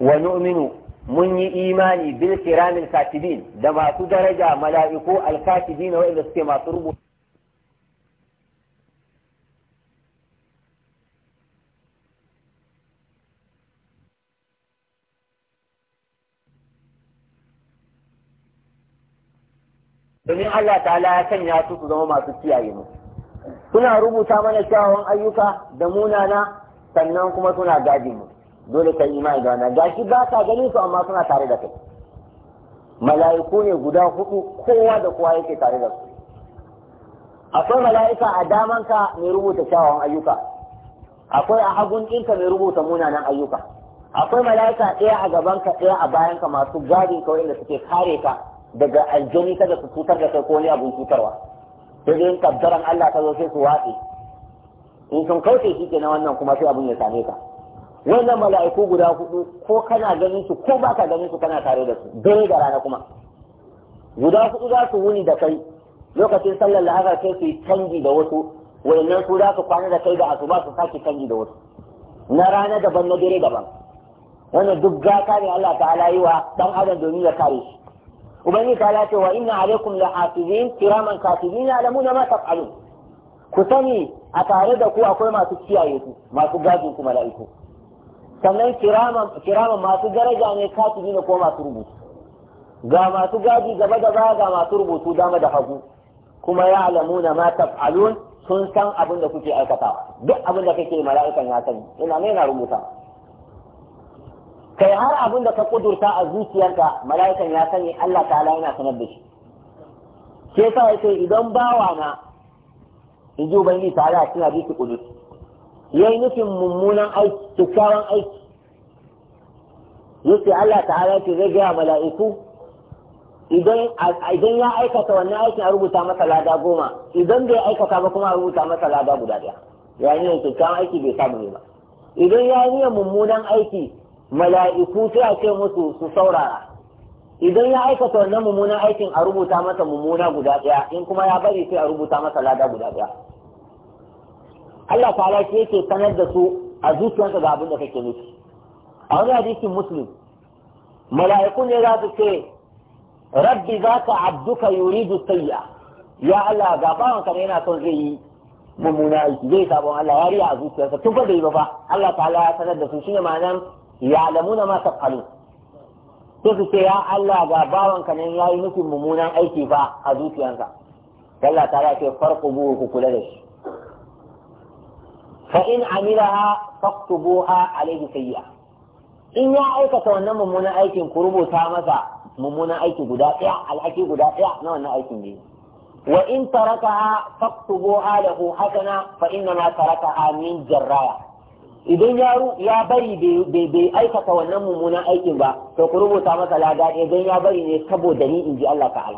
wa nu'minu mun yi imani bil kiramil katibin da masu daraja mala'iku al katibina wa'anda suke masu rubuta domin Allah ta'ala ya sanya su su zama masu kiyaye mu suna rubuta mana kyawun ayyuka da munana sannan kuma suna gadi mu dole ka imani da wannan gashi ba ka gani su amma suna tare da kai mala'iku ne guda hudu kowa da kowa yake tare da su akwai mala'ika a damanka mai rubuta kyawun ayyuka akwai a hagun ɗinka mai rubuta munanan ayyuka akwai mala'ika ɗaya a gabanka ɗaya a bayanka masu gadi kawai da suke kare ka daga aljani kada su cutar da kai ko wani abun cutarwa sai dai in kaddaran Allah ta zo sai su watsi in sun kauce shi kenan wannan kuma sai abun ya same ka wannan mala'iku guda hudu ko kana ganin su ko baka ganin su kana tare da su dare da rana kuma guda hudu za su wuni da kai lokacin sallar lahazar sai su yi canji da wasu wayannan su za su kwana da kai da asuba su sake canji da wasu na rana daban na dare daban wannan duk gata ne Allah ta'ala yi wa dan adam domin ya kare shi ubangiji ta ce wa inna alaikum la hafizin kiraman katibin ya'lamuna ma taf'alun ku sani a tare da ku akwai masu kiyaye ku masu gadin ku mala'iku sannan kiraman masu daraja ne katibi ko masu rubutu ga masu gadi gaba da baya ga masu rubutu dama da hagu kuma ya ya'lamuna ma taf'alun sun san abin da kuke aikatawa duk abin da kake mala'ikan ya sani ina ne na rubuta kai har abin da ka kudurta a zuciyarka mala'ikan ya sani Allah ta'ala yana sanar da shi ke sa yake idan bawa na in ji ubangiji ta'ala cikin hadisi Ya yayi nufin mummunan aiki kyakkyawan aiki yace Allah ta'ala ce zai gaya mala'iku idan ya aikata wannan aikin a rubuta masa lada goma idan bai aikata ba kuma a rubuta masa lada guda daya ya yi kyakkyawan aiki bai samu ne ba idan ya yi mummunan aiki mala'iku sai a ce musu su saurara idan ya aikata wannan mummunan aikin a rubuta masa mummuna guda ɗaya in kuma ya bari sai a rubuta masa lada guda ɗaya Allah ta'ala shi yake sanar da su a zuciyarsa ga abin da kake nufi a wani hadisin muslim mala'iku ne za su ce rabbi za ka abduka yuridu sayya ya Allah ga bawan ne yana son zai yi mummuna aiki zai sabon Allah ya riya a zuciyarsa tun fa bai ba Allah ta'ala ya sanar da su shine ma'anar ya'lamuna ma taf'alun sai su ce ya Allah ga bawanka ne ya yi nufin mummunan aiki ba a zuciyansa Allah ta ce farko buru ku kula da shi fa in amilaha faktubuha alaihi sayya in ya aikata wannan mummunan aikin ku rubuta masa mummunan aiki guda ɗaya alhaki guda ɗaya na wannan aikin ne wa in tarakaha faktubuha lahu hasana fa inna ma tarakaha min jarraya idan yaro ya bari bai aikata wannan mummunan aikin ba to ku rubuta masa lada idan ya bari ne saboda ni in ji Allah ala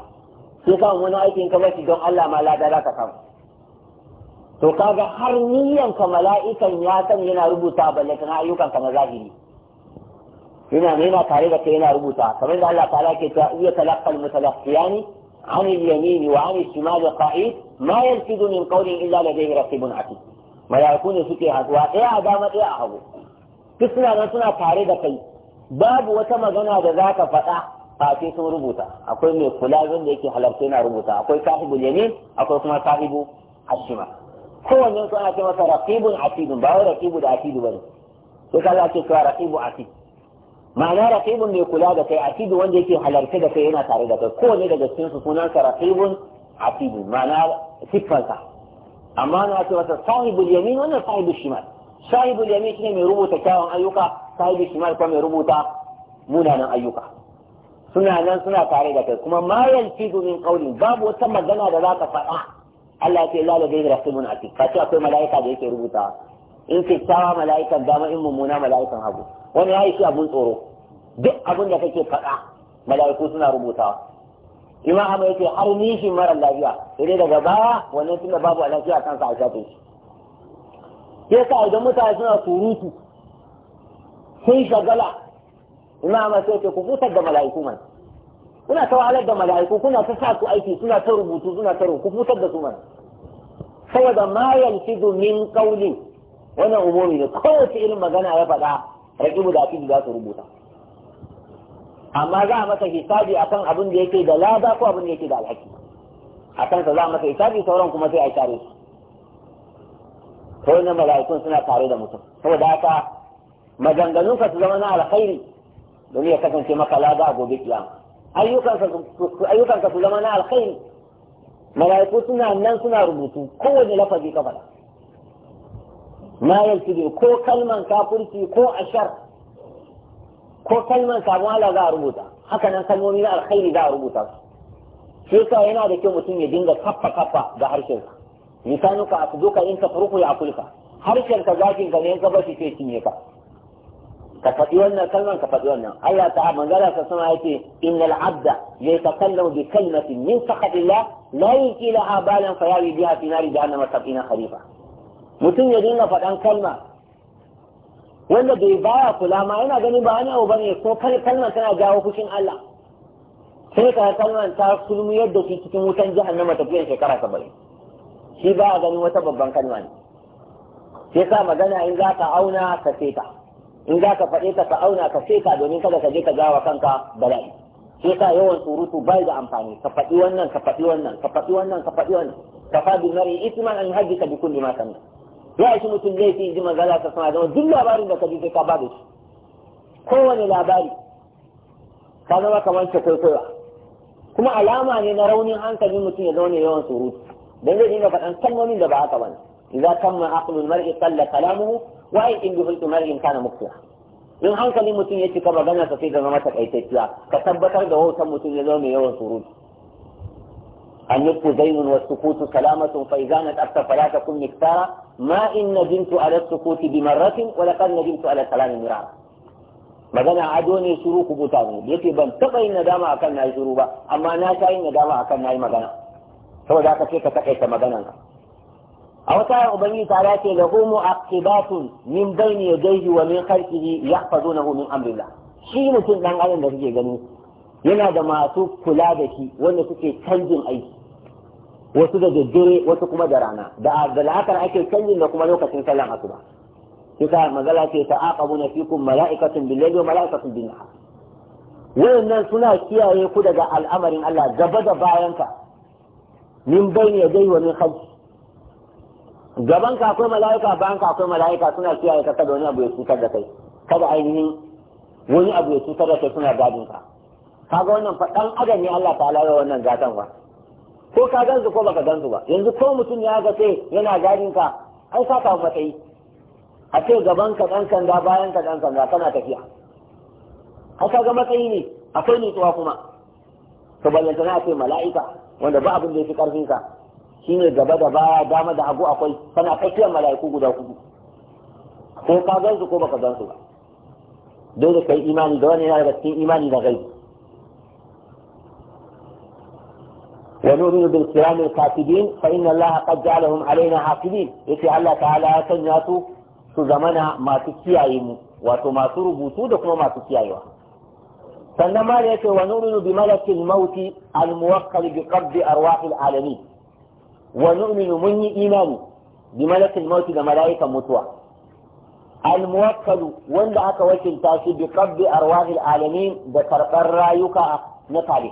sai ka wani aikin ka bashi don Allah ma lada za ka samu to kaga har niyan ka mala'ikan ya san yana rubuta balle ayyukan ka mazahiri yana ne yana tare da kai yana rubuta kamar da Allah ta'ala ke ta iya talaqqal mutalaqqiyani عن اليمين وعن الشمال qa'id ma يلفظ min قول illa ladayhi raqibun atid mayaku ne suke haduwa ɗaya a dama ɗaya a hagu duk suna nan suna tare da kai babu wata magana da za ka faɗa face sun rubuta akwai mai kula wanda yake halarta yana rubuta akwai sahibu yamin akwai kuma sahibu ashima kowanne su ana ce masa raqibun atidun ba wai raqibu da atidu bane sai kaza ce cewa raqibu atid ma'ana raqibun mai kula da kai atidu wanda yake halarta da kai yana tare da kai kowanne daga cikin su sunansa raqibun atidun ma'ana siffansa amma na ce masa sahibul yamin wannan sahibul shimal sahibul yamin shine mai rubuta kyawun ayyuka sahibul shimal kuma mai rubuta munanan ayyuka suna nan suna tare da kai kuma ma yalfidu domin qawlin babu wata magana da za ka faɗa Allah ya ce la ladayhi rasulun atiq kace akwai mala'ika da yake rubuta in kyakkyawa mala'ikan dama in mummuna mala'ikan hagu wani ya yi shi abun tsoro duk abin da kake faɗa mala'iku suna rubutawa imam ahmad yake har nishi mara lafiya sai daga baya wannan tunda babu lafiya kansa a shafin shi sai ka idan mutane suna surutu sun shagala imam ahmad sai yake ku futar da mala'iku man kuna ta wahalar da mala'iku kuna ta sa su aiki suna ta rubutu suna ta rubutu ku futar da su man saboda ma yalfidu domin qawli wannan umuri ne kowace irin magana ya faɗa raqibu da afidu za su rubuta amma za a masa hisabi a kan abin da yake da lada ko abin da yake da alhaki a kansa za a masa hisabi sauran kuma sai a tare su ko sauran mala'ikun suna tare da mutum saboda haka maganganun ka su zama na alkhairi domin ya kasance maka lada a gobe kiyama ayyukan ka su zama na alkhairi mala'iku suna nan suna rubutu kowane lafazi ka na ma yaltibi ko kalman kafurki ko ashar ko kalman samu Allah za a rubuta haka nan kalmomi na alkhairi za a rubuta su shi ka yana da kyau mutum ya dinga kaffa kaffa ga harshen ka lisanu ka asduka in tafruku ya kulka harshen ka zakin ka ne in ka bashi sai cinye ka ka faɗi wannan kalman ka faɗi wannan Allah ta manzala sa sama yake innal abda yatakallamu bi kalmatin min sakhatillah la yuqila abalan fayawi biha fi nari jahannama sabina khalifa mutum ya dinga faɗan kalma wanda bai baya kula ma yana ganin ba wani abu bane ko kalmar tana jawo fushin Allah sai ka kalmar ta sulmu yadda shi cikin wutan jahannama tafiyan shekara saba'in shi ba a ganin wata babban kalma ne sai sa magana in za ka auna ka seta in za ka faɗe ka ka auna ka seta domin kada ka je ka gawa kanka bala'i sai sa yawan surutu bai da amfani ka faɗi wannan ka faɗi wannan ka faɗi wannan ka faɗi wannan ka faɗi mari isman an hajji ka bi kulli ma sanna ya shi mutum laifi ji magana ta sama zama duk labarin da ka ji sai ka ba da shi kowane labari ka zama kamar ta kwaikwaiwa kuma alama ne na raunin hankalin mutum ya zaune yawan surutu dan zai dinga faɗan kalmomin da ba haka ba idza tamma aqlul mar'i qalla kalamuhu wa ay in bihul mar'in kana muktiya in hankalin mutum ya cika magana sa sai da zama takaitacciya ka tabbatar da wautan mutum ya zaune yawan surutu النطق زين والسكوت سلامة فإذا نتأبت فلا تكن مكتارا ما إن ندمت على السكوت بمرة ولقد ندمت على الكلام مرارا magana ado ne shiru ku buta ne yake ban taba yin nadama akan nayi shiru ba amma na ta yin nadama akan nayi magana saboda haka sai ka takaita maganan ka a wata ayar ubangiji ta dace lahu mu'aqibatun min bayni yadayhi wa min khalfihi yahfazunahu min amrillah shi mutum dan adam da kake gani yana da masu kula da shi wanda suke canjin aiki wasu da daddare wasu kuma da rana da da la'akar ake canjin da kuma lokacin sallan asuba kika magana ce ta aqabuna fikum mala'ikatun bil layli wa mala'ikatun bin nahar wayannan suna kiyaye ku daga al'amarin Allah gaba da bayanka min bayni ya wa min khalfi gaban ka akwai mala'ika bayan ka akwai mala'ika suna kiyaye ka kada wani abu ya cutar da kai kada ainihin wani abu ya cutar da kai suna gadin ka kaga wannan fa dan adam ne Allah ta'ala ya wannan gatan wa ko ka su ko baka gansu ba yanzu ko mutum ya ga sai yana ganin ka ai ka samu matsayi a ce gaban ka dan kanda bayan ka dan kanda kana tafiya ai ka ga matsayi ne akwai nutsuwa kuma to ballanta na ce mala'ika wanda ba abin da yake karfin ka shine gaba da baya dama da hagu akwai kana tsakiyar mala'iku guda hudu ko ka gansu ko baka gansu ba dole kai imani da wani yana da cikin imani da gaibi ونؤمن بالقران الكاتبين فان الله قد جعلهم علينا حافظين يتي الله تعالى سنياتو سوزمانا ما تكيايم واتو ما تربوتو دكما وما تكيايوا سنما يتي ونؤمن بملك الموت الموكل بقبض ارواح العالمين ونؤمن مني إيماني بملك الموت بملائكه متوى الموكل وندعك اكا وكل تاسي بقبض ارواح العالمين بكرقر رايك نتالي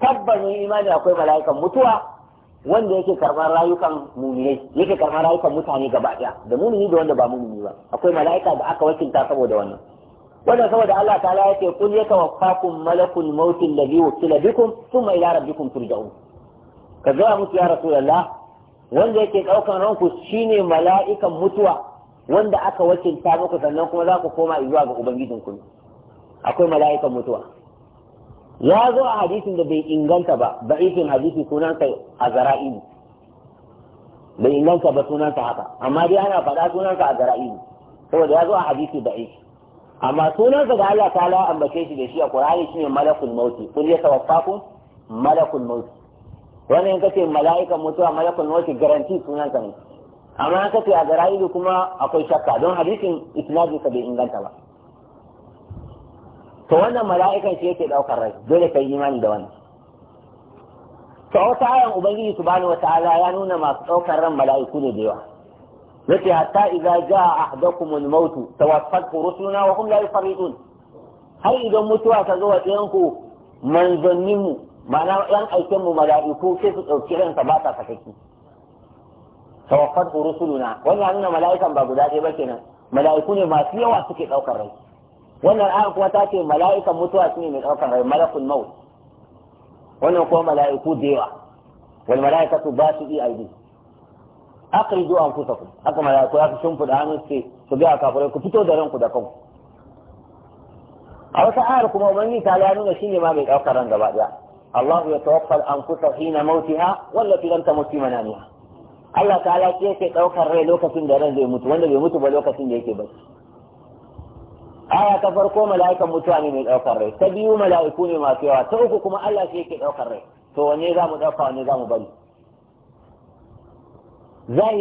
tabbas mun imani akwai mala'ikan mutuwa wanda yake karɓar rayukan muminai yake karɓar rayukan mutane gaba ɗaya da mumini da wanda ba mumini ba akwai mala'ika da aka wakilta saboda wannan wannan saboda Allah ta'ala yake ya tawaffakum malakul Mautin ladhi wukila bikum thumma ila rabbikum turja'un ka ga musu ya rasulullah wanda yake daukan ranku shine mala'ikan mutuwa wanda aka wakilta muku sannan kuma za ku koma zuwa ga ubangijinku akwai mala'ikan mutuwa ya zo a hadisin da bai inganta ba ikin hadisi sunansa a zara'ibu bai inganta ba sunansa haka amma dai ana faɗa sunansa a zara'ibu saboda ya zo a hadisi ikin amma sunansa da Allah ta'ala ambace shi da shi a Qur'ani shine malakul mauti Kun kul ku malakul mauti wannan in kace mala'ikan mutuwa malakul mauti garanti sunansa ne amma in kace a zara'ibu kuma akwai shakka don hadisin isnadinsa bai inganta ba to wannan mala'ikan shi yake daukar rai dole kai imani da wannan to wata ayan ubangiji subhanahu ta'ala ya nuna masu daukar ran mala'iku ne da yawa yace hatta idza jaa ahadakum al-maut tawaffat rusuluna wa hum la yufarritun har idan mutuwa ta zo wa ɗayanku manzannin mu ma'ana yan aikin mu mala'iku sai su ɗauki ransa ba ta sakaki tawaffat rusuluna wannan nuna mala'ikan ba guda ɗaya ba kenan mala'iku ne masu yawa suke daukar rai wannan ayar kuma ta ce mala'ikan mutuwa su ne mai ɗaukar rai malakun maut wannan kuma mala'iku da yawa wani mala'ika su su ba yi aka yi zuwa kusa ku. aka mala'iku ya fi shimfiɗa hannun su su ga kafirai ku fito da ranku da kanku a wata ayar kuma ubangiji ta ya nuna shine ma mai ɗaukar ran gaba ɗaya Allah ya tawaffal kusa hina mautiha Wanda lam tamut fi manamiha Allah ta'ala ke ke ɗaukar rai lokacin da ran zai mutu wanda bai mutu ba lokacin da yake bacci aya ta farko mala'ikan mutuwa ne mai ɗaukar rai ta biyu mala'iku ne masu yawa ta uku kuma Allah shi yake ɗaukar rai to wanne za mu ɗauka wanne za mu bari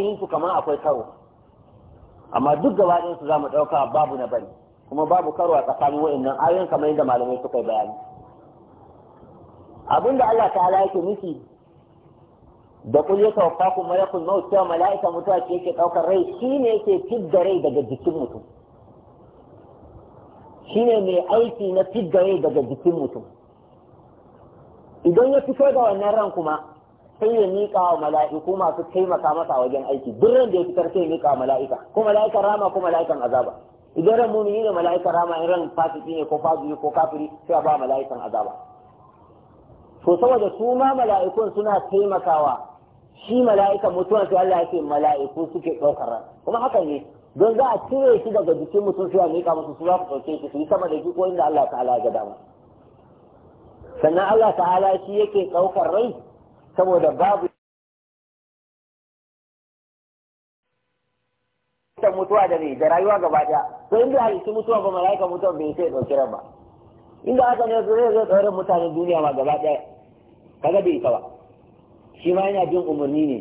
yi su kamar akwai karo amma duk gaba ɗayan su za mu ɗauka babu na bari kuma babu karo a tsakanin wa'annan ayoyin kamar yadda malamai suka yi bayani abinda Allah ta'ala yake nufi da kul ya tawaffakum malakul maut cewa mala'ika mutuwa ce yake ɗaukar rai shine yake da rai daga jikin mutum shine mai aiki na fidgaye daga jikin mutum idan ya fito da wannan ran kuma sai ya miƙa wa mala'iku masu taimaka masa wajen aiki duk ran da ya fitar sai ya miƙa wa mala'ika ko mala'ikan rama ko mala'ikan azaba idan ran mumini ne mala'ikan rama in ran fasiki ne ko fazuri ko kafiri sai a ba mala'ikan azaba to saboda su ma mala'ikun suna taimakawa shi mala'ikan mutuwan sai Allah ya ce mala'iku suke ɗaukar ran kuma hakan ne don za a cire shi daga jikin mutum sai a miƙa musu su za su ɗauke shi su yi sama da shi ko inda Allah ta'ala ya dama sannan Allah ta'ala shi yake ɗaukar rai saboda babu ta mutuwa da ne da rayuwa gaba ɗaya to inda yi mutuwa ba mala'ika mutuwa bai sai ɗauki ran ba inda aka ne zai zai tsaurin mutanen duniya ma gaba ɗaya kaga bai ta ba shi ma yana bin umarni ne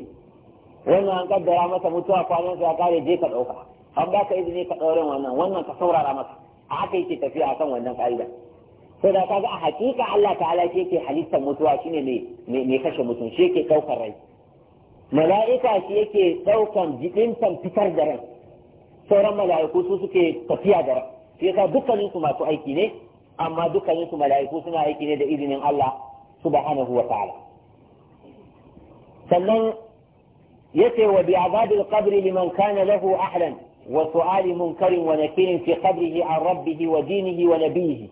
wannan an kaddara masa mutuwa kwanan sa ya kare je ka ɗauka an ba ka izini ka ɗaurin wannan wannan ka saurara masa a haka yake tafiya akan wannan kaida sai da kaga a hakika Allah ta'ala shi yake halittar mutuwa shine ne mai kashe mutum shi yake daukar rai mala'ika shi yake ɗaukan jikintan fitar da ran sauran mala'iku su suke tafiya da ran shi yasa dukkanin su masu aiki ne amma dukkanin su mala'iku suna aiki ne da izinin Allah subhanahu wa ta'ala sannan yace wa bi qabri liman kana lahu ahlan وسؤال منكر ونكير في قبره عن ربه ودينه ونبيه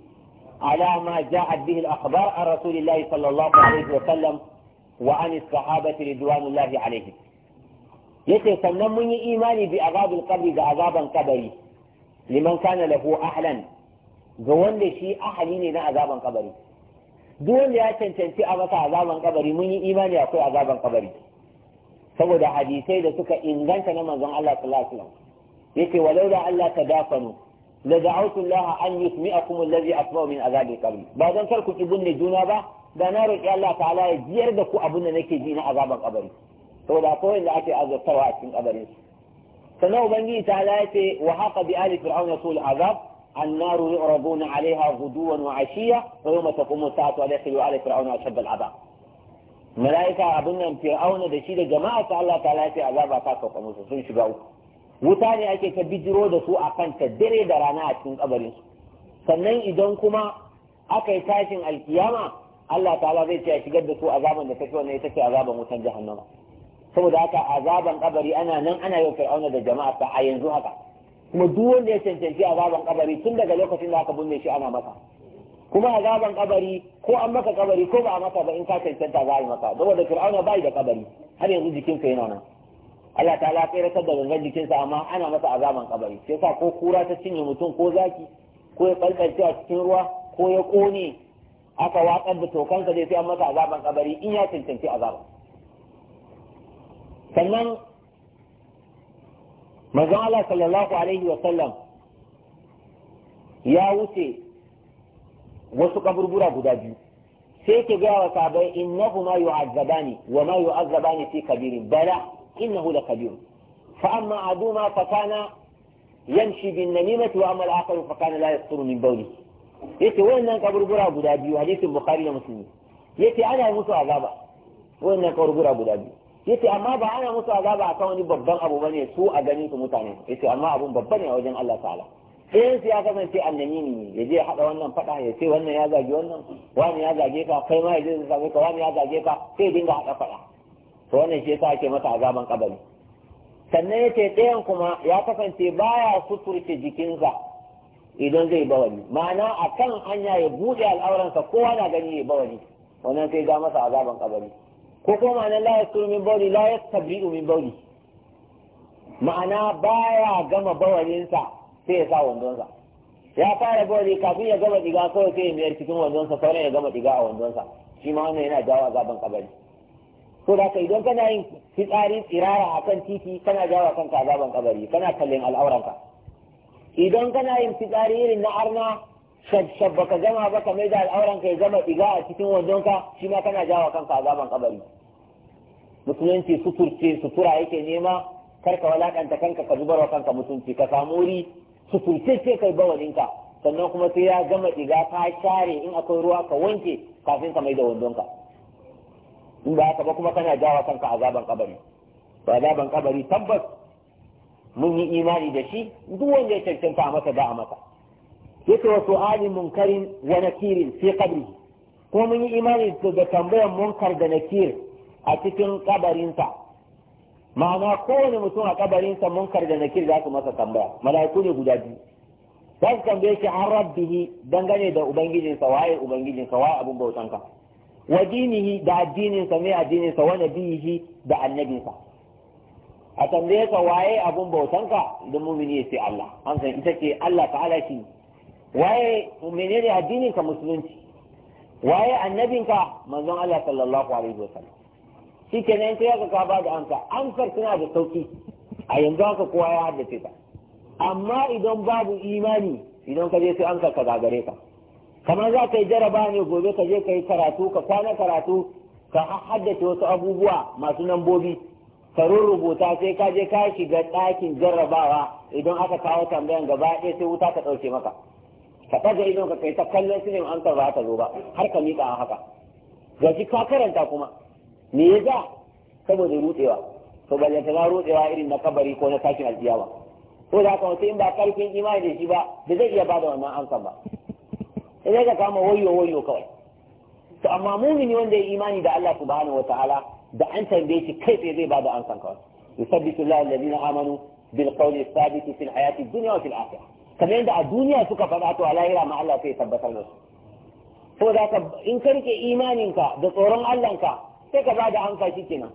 على ما جاءت به الأخبار عن رسول الله صلى الله عليه وسلم وعن الصحابة رضوان الله عليهم yace sannan mun yi imani bi azabul qabri da azaban kabari liman kana lahu ahlan ga wanda shi ahali ne na azaban kabari duk ya cancanci a masa azaban kabari mun yi imani akwai azaban kabari saboda hadisai da suka inganta na manzon Allah يكي ولولا أن لا تدافنوا لدعوت الله أن يسمعكم الذي أسمعوا من أذاب القبر بعد أن تركوا تبني دون أبا دا الله تعالى يجيردكوا أبونا نكي دين أذاب القبر فولا قوي اللي أتي أذاب سواء من قبر فنو بني تعالى يتي وحاق بآل فرعون يقول أذاب النار يعرضون عليها غدوا وعشية ويوم تقوم الساعة ويدخلوا آل فرعون أشد العذاب ملائكة أبونا فرعون دشيد جماعة الله تعالى يتي أذاب أكاكو فمسسون شبعوكم wuta ne ake ta bijiro da su a kanta dare da rana a cikin kabarin su sannan idan kuma aka yi tashin alkiyama Allah ta'ala zai ce a shigar da su azaban da take wannan ita ce azaban wutan jahannama saboda haka azaban kabari ana nan ana yau fir'auna da jama'a ta a yanzu haka kuma duk wanda ya cancanci azaban kabari tun daga lokacin da aka binne shi ana masa kuma azaban kabari ko an maka kabari ko ba a maka ba in ka cancanta za a yi maka saboda fir'auna bai da kabari har yanzu jikinsa yana nan Allah ta ala kai rakar da gangan jikinsa amma ana masa azaban kabari sai sa ko kura ta cinye mutum ko zaki ko ya balbalce a cikin ruwa ko ya kone aka watsar da tokansa zai sai an masa azaban kabari in ya cancanci azaban sannan manzon Allah sallallahu alaihi wa ya wuce wasu kaburbura guda biyu sai ke gaya wa sabai innahuma yu'azzabani wa ma yu'azzabani fi kabirin bala إنه لكبير فأما أحدهما فكان يمشي بالنميمة وأما الآخر فكان لا يفطر من بوله yace wayannan kaburbura guda biyu hadisin bukhari da muslim yace ana musu azaba wayannan kaburbura guda biyu yace amma ba ana musu azaba akan wani babban abu bane su a ganin su mutane yace amma abun babba ne a wajen Allah ta'ala sai ya kasance annani ne ya je haɗa wannan faɗa ya ce wannan ya zage wannan wani ya zage ka kai ma ya je zage ka wani ya zage ka sai dinga hada fada to wannan shi yasa ake masa azaban kabari sannan yace ɗayan kuma ya kasance baya suturce jikinsa idan zai bawani ma'ana akan hanya ya buɗe al'auransa kowa na gani ya bawani wannan sai ga masa azaban kabari ko kuma ma'ana la yasturu min bawli la yastabri'u min bawli ma'ana baya gama bawalinsa sai ya sa wandonsa ya fara bawali kafin ya gama diga kawai sai ya mayar cikin wandonsa sauran ya gama diga a wandonsa shi ma wannan yana jawo azaban kabari ko da ka idan kana yin fitsari tsirara akan titi kana jawa kanka azaban kabari kana kallon al'auranka idan kana yin fitsari irin na arna shab baka gama ba ka maida al'auranka ya gama diga a cikin wandonka shi ma kana jawa kanka azaban kabari musulunci suturce sutura yake nema kar ka walakanta kanka ka zubarwa kanka mutunci ka samu wuri suturce ce kai bawalinka sannan kuma sai ya gama diga ka share in akwai ruwa ka wanke kafin ka maida wandonka in ba haka ba kuma kana jawa kanka azaban kabari Ba azaban kabari tabbas mun yi imani da shi duk wanda ya cancanta a masa ba a masa yake wa su'alin munkarin wa nakirin fi kabri ko mun yi imani da tambayan munkar da nakir a cikin kabarinsa ma'ana kowane mutum a kabarinsa munkar da nakir za su masa tambaya mala'iku ne guda biyu za su tambaye shi an rabbihi dangane da ubangijinsa waye ubangijinsa waye abun bautanka wa dinihi da addininsa mai addininsa wa nabiyihi da annabinsa a tambaye ka waye abun bautanka idan mumini ya ce Allah an san ita ce Allah ta'ala shi waye menene addininka musulunci waye annabinka manzon Allah sallallahu alaihi wasallam shi kenan sai ka ba da amsa amsar tana da sauki a yanzu haka kowa ya haddace ta amma idan babu imani idan ka je sai amsar ka gagare ka kamar za ka yi jaraba ne gobe ka je ka yi karatu ka kwana karatu ka haddace wasu abubuwa masu nambobi ka rubuta sai ka je ka shiga ɗakin jarrabawa idan aka kawo tambayan gaba ɗaya sai wuta ka ɗauke maka ka ɗaga idon ka kai ta kallon sinin amsar ba ta zo ba har ka miƙa a haka gashi ka karanta kuma me ya za saboda rutsewa to zai na rutsewa irin na kabari ko na tashin aljiyawa ko da haka wasu in ba karfin imani da shi ba da zai iya bada wannan ansa ba sai ka kama wayo wayo kawai to amma mumini wanda ya imani da Allah subhanahu wataala da an tambaye shi kai tsaye zai ba da ansan kawai yusabbitu Allah alladhina amanu bil qawli thabit fil hayati dunya wa fil akhirah kamar yadda a duniya suka faɗa to a lahira ma Allah sai tabbatar da su to da ka in ka rike imaninka da tsoron Allahnka sai ka ba da ansa kenan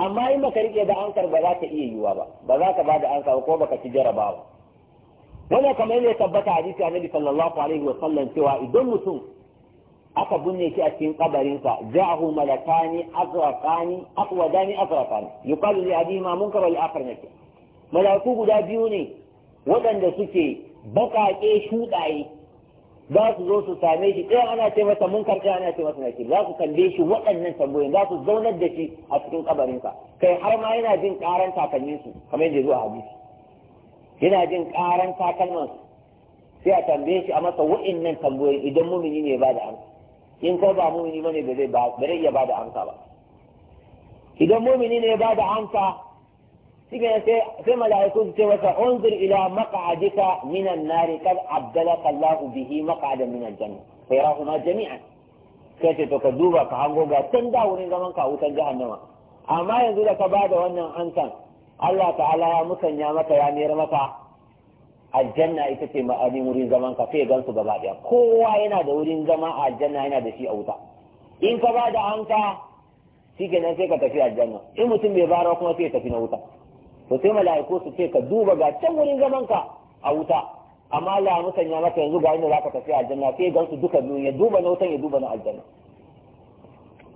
amma in baka rike da ansar ba za ka iya yiwuwa ba ba za ka ba da ansa ko baka ci jarabawa Wannan kamar ya tabbata a hadisi annabi sallallahu alaihi wa sallam cewa idan mutum aka binne shi a cikin kabarinsa ja'ahu malakani azraqani aqwadani azraqani yuqalu li abihima munkar wal akhar nake malaku guda biyu ne waɗanda suke bakake shuɗaye za su zo su same shi ɗaya ana ce masa munkar ɗaya ana ce masa nakir za su kalle shi waɗannan tambayoyin za su zaunar da shi a cikin kabarinsa kai har ma yana jin ƙaran takalminsu kamar yadda zuwa hadisi yana jin karan takalman sai a tambaye shi a masa wa'in nan tambayoyin idan mumini ne ba da amsa in ko ba mumini ba ne ba zai iya ba da amsa ba idan mumini ne ba da amsa shi sai sai mala'iku su ce masa unzur ila maq'adika minan nari kad abdalaka Allah bihi maq'adan minan janna fa yarahuma jami'an sai ce to ka duba ka hango ga tun da wurin zaman ka wutar jahannama amma yanzu da ka bada wannan amsan Allah ta'ala ya musanya maka ya mayar maka aljanna ita ce ma'ani wurin zaman ka sai gansu gaba daya kowa yana da wurin zama a aljanna yana da shi a wuta in ka ba da hanka shi nan sai ka tafi aljanna in mutum bai bara kuma sai ya tafi na wuta to sai mala'iku su ce ka duba ga can wurin zaman ka a wuta amma Allah ya musanya maka yanzu ga inda zaka tafi aljanna sai gansu duka duniya ya duba na wutan ya duba na aljanna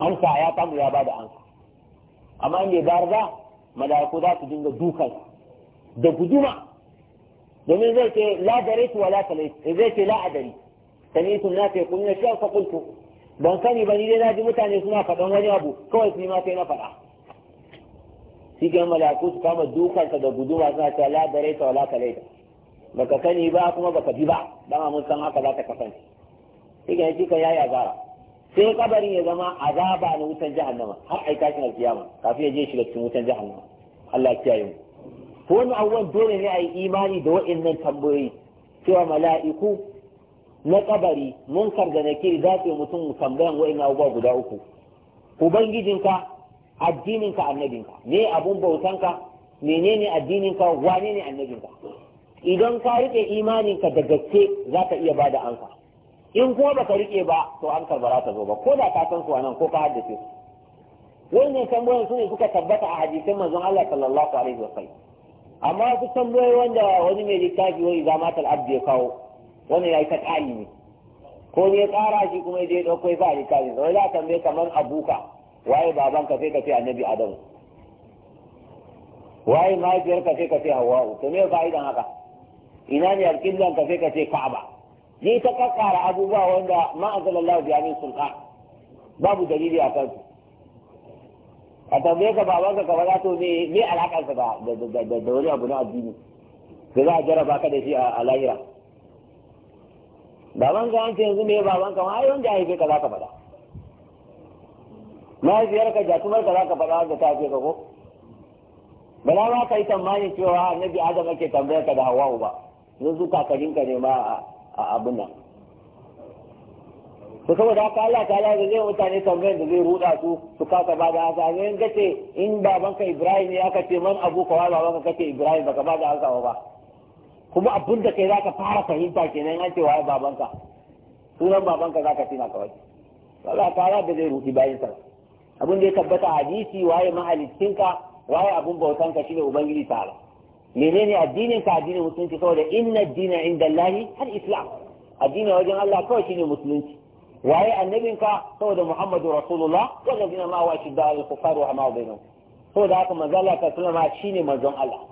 amsa ya samu ya bada amsa amma in bai bar ba mala'iku za su dinga dukan da guduma domin zai ce la daraitu wala talaitu eh, zai ce la adari sami'tu na ta kunna shi ka qultu ban sani ba ni dai na ji mutane suna fadan wani abu kawai su ma sai na fada shi ga mala'iku su kama dukanka da guduma suna cewa la daraitu wala talaitu baka sani ba kuma baka ji ba dama mun san haka za ta kasance shi ga shi ka yaya zara. sai kabarin ya zama azaba na wutan jahannama har ai tashin alkiyama kafin ya je shiga cikin wutan jahannama Allah ya kiyaye mu Ko wani abubuwan dole ne a yi imani da waɗannan tambayoyi cewa mala'iku na kabari munkar da nakiri za su yi mutum tambayan waɗannan abubuwa guda uku ubangijinka addininka annabinka me abun bautanka menene addininka wane ne annabinka idan ka rike imaninka da gaske za ka iya da ansa in kuma baka rike ba to an karbara ta zo ba ko da ka san su nan ko ka haddace su wannan tambayoyin su ne suka tabbata a hadisin manzon Allah sallallahu alaihi wa sallam amma su tambayoyi wanda wani mai littafi wai zamatul abdi ya kawo ya yi ta kali ne ko ne tsara shi kuma je dauko ba littafi sai za ka tambaye kamar abuka waye ka sai ka ce annabi adamu waye ka sai ka ce hawa'u to me fa'idan haka ina ne alƙiblan ka sai ka ce ka'aba Ni ta kakkara abubuwa wanda ma'azalallahu biya min sultan babu dalili a kansu a tambaye ka baban ka kamar to me me alakar ka da da wani abu na addini sai za a jaraba ka da shi a lahira baban ka an ce yanzu me baban ka ai wanda haife ka zaka faɗa mahaifiyar ka jatumar ka ka faɗa wanda ta haife ka ko bala ma ka yi tambayin cewa annabi adam ake tambayar ka da hawa'u ba yanzu kakarinka ka ne ma a abin nan kama da haka Allah ta da zai mutane tambayar da zai ruda su su kasa ba da hasa ne in ce in babanka Ibrahim ya kace man abu kawa babanka kake Ibrahim baka ba da hasa ba kuma abin da kai ka fara fahimta kenan an ce waye babanka sunan babanka zaka tina kawai Allah ta ala da zai rudi bayin sa abin da ya tabbata hadisi waye mahalicinka waye abun bautanka shine ubangiji Allah. menene addinin ka addinin musulunci saboda inna dina inda Allahi har islam addini wajen Allah kawai shine musulunci waye annabin ka saboda Muhammadu Rasulullah wallazina ma wa shidda al kufar wa ma bainahum saboda haka manzo Allah ta sallama shine manzon Allah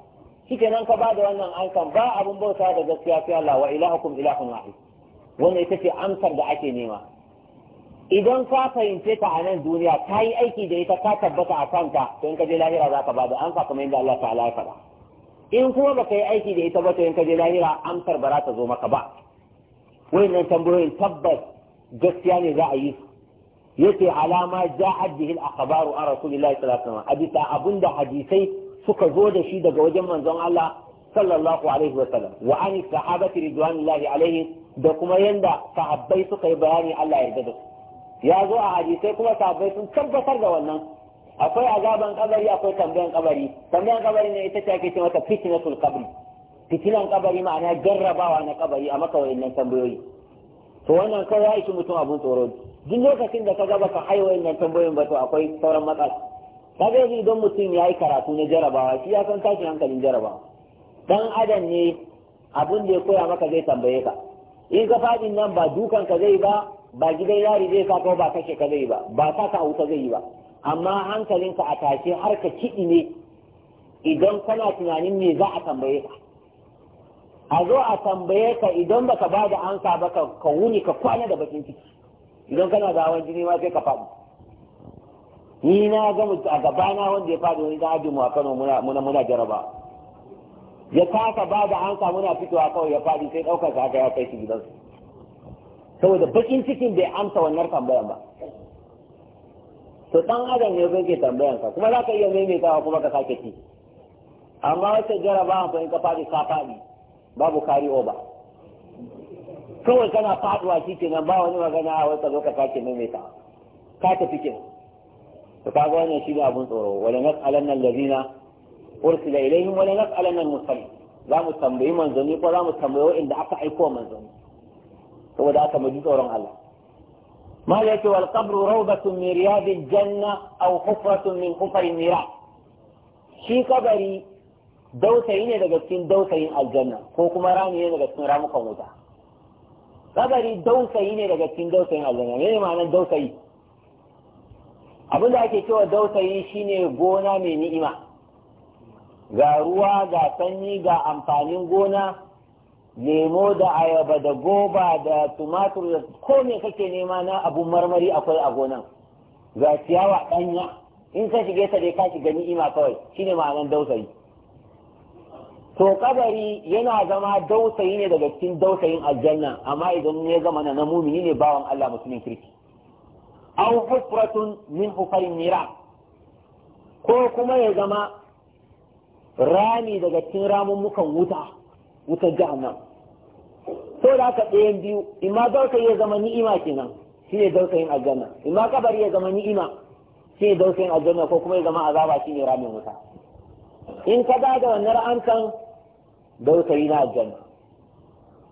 shikenan ka bada wannan ansan ba abun bauta da gaskiya sai Allah wa ilahukum ilahun wahid wannan ita ce amsar da ake nema idan ka fahimce ta a nan duniya ka yi aiki da ita ka tabbata a kanka to in ka je lahira za ka ba da an kuma inda Allah ta'ala ya faɗa in kuma baka yi aiki da ita ba to in ka je lahira amsar ba za ta zo maka ba wayannan tambayoyin tabbas gaskiya ne za a yi su yace alama ja bihi al-akhbaru an rasulillahi sallallahu alaihi wasallam abita abunda hadisai suka zo da shi daga wajen manzon Allah sallallahu alaihi wasallam wa an sahabati ridwanillahi alaihi da kuma yanda sahabbai suka yi bayani Allah ya yarda da su ya zo a hadisai kuma sahabbai sun tabbatar da wannan akwai azaban kabari akwai tambayan kabari tambayan kabari ne ita ce ake ce mata fitnatul qabri fitnan kabari ma'ana jarrabawa na kabari a maka wayannan tambayoyi to wannan kai ya ishi mutum abun tsoro duk lokacin da ka ga baka hai wayannan tambayoyin ba to akwai sauran matsala kaga yanzu idan mutum ya yi karatu na jarrabawa shi ya san tashin hankalin jarrabawa dan adam ne abun da ya koya maka zai tambaye ka in ka fadin nan ba dukan ka zai ba ba gidan yari zai sa ka ba kashe ka zai ba ba sa ka hauta zai yi ba amma hankalinka a tashe har ka kiɗi ne idan kana tunanin me za a tambaye ka a zo a tambaye ka idan baka ba da ansa ba ka wuni ka kwana da bakin ciki idan kana da hawan jini ma sai ka faɗi ni na ga a gabana wanda ya faɗi wani dajin mu a Kano muna muna jaraba ya kasa ba da ansa muna fitowa kawai ya faɗi sai ɗaukar sa haka ya kai shi gidansu saboda bakin cikin bai amsa wannan tambayan ba to dan adam ne zai ke tambayan ka kuma za ka iya ka kuma ka sake ci amma wace jaraba ba in ka fadi ka fadi babu kari oba kawai kana faduwa cikin nan ba wani magana a wata zo ka sake maimaitawa ka tafi fike to kaga wannan shi ne abun tsoro wala nas'alanna allazina ursila ilaihim wala nas'alanna al-mursalin za mu tambayi manzanni ko za mu tambayi inda aka aiko manzanni saboda aka mu ji tsoron Allah ما يأتي والقبر روضة من رياض الجنة أو حفرة من حفر النيران shi kabari dausayi ne daga cikin dausayin aljanna ko kuma rami ne daga cikin ramukan wuta kabari dausayi ne daga cikin dausayin aljanna me ne ma'anar dausayi abin da ake cewa dausayi shine gona mai ni'ima ga ruwa ga sanyi ga amfanin gona lemo da ayaba da goba da tumatur da ko me kake nema na abun marmari akwai a gonan ga ciyawa ɗanya in ka shige ta dai ka shiga ni'ima kawai shine ma'anan dausayi to kabari yana zama dausayi ne daga cikin dausayin aljanna amma idan ya zama na mumini ne bawan Allah musulmin kirki aw hufratun min hufarin nira ko kuma ya zama rami daga cikin ramummukan wuta wutar jahannam so da aka ɗayan biyu imma dauka ya zama ni'ima kenan shi ne dauka yin aljanna imma kabari ya zama ni'ima shi ne dauka yin aljanna ko kuma ya zama azaba shi ne ramin wuta in ka ba da wannan ra'ankan dauka yi na aljanna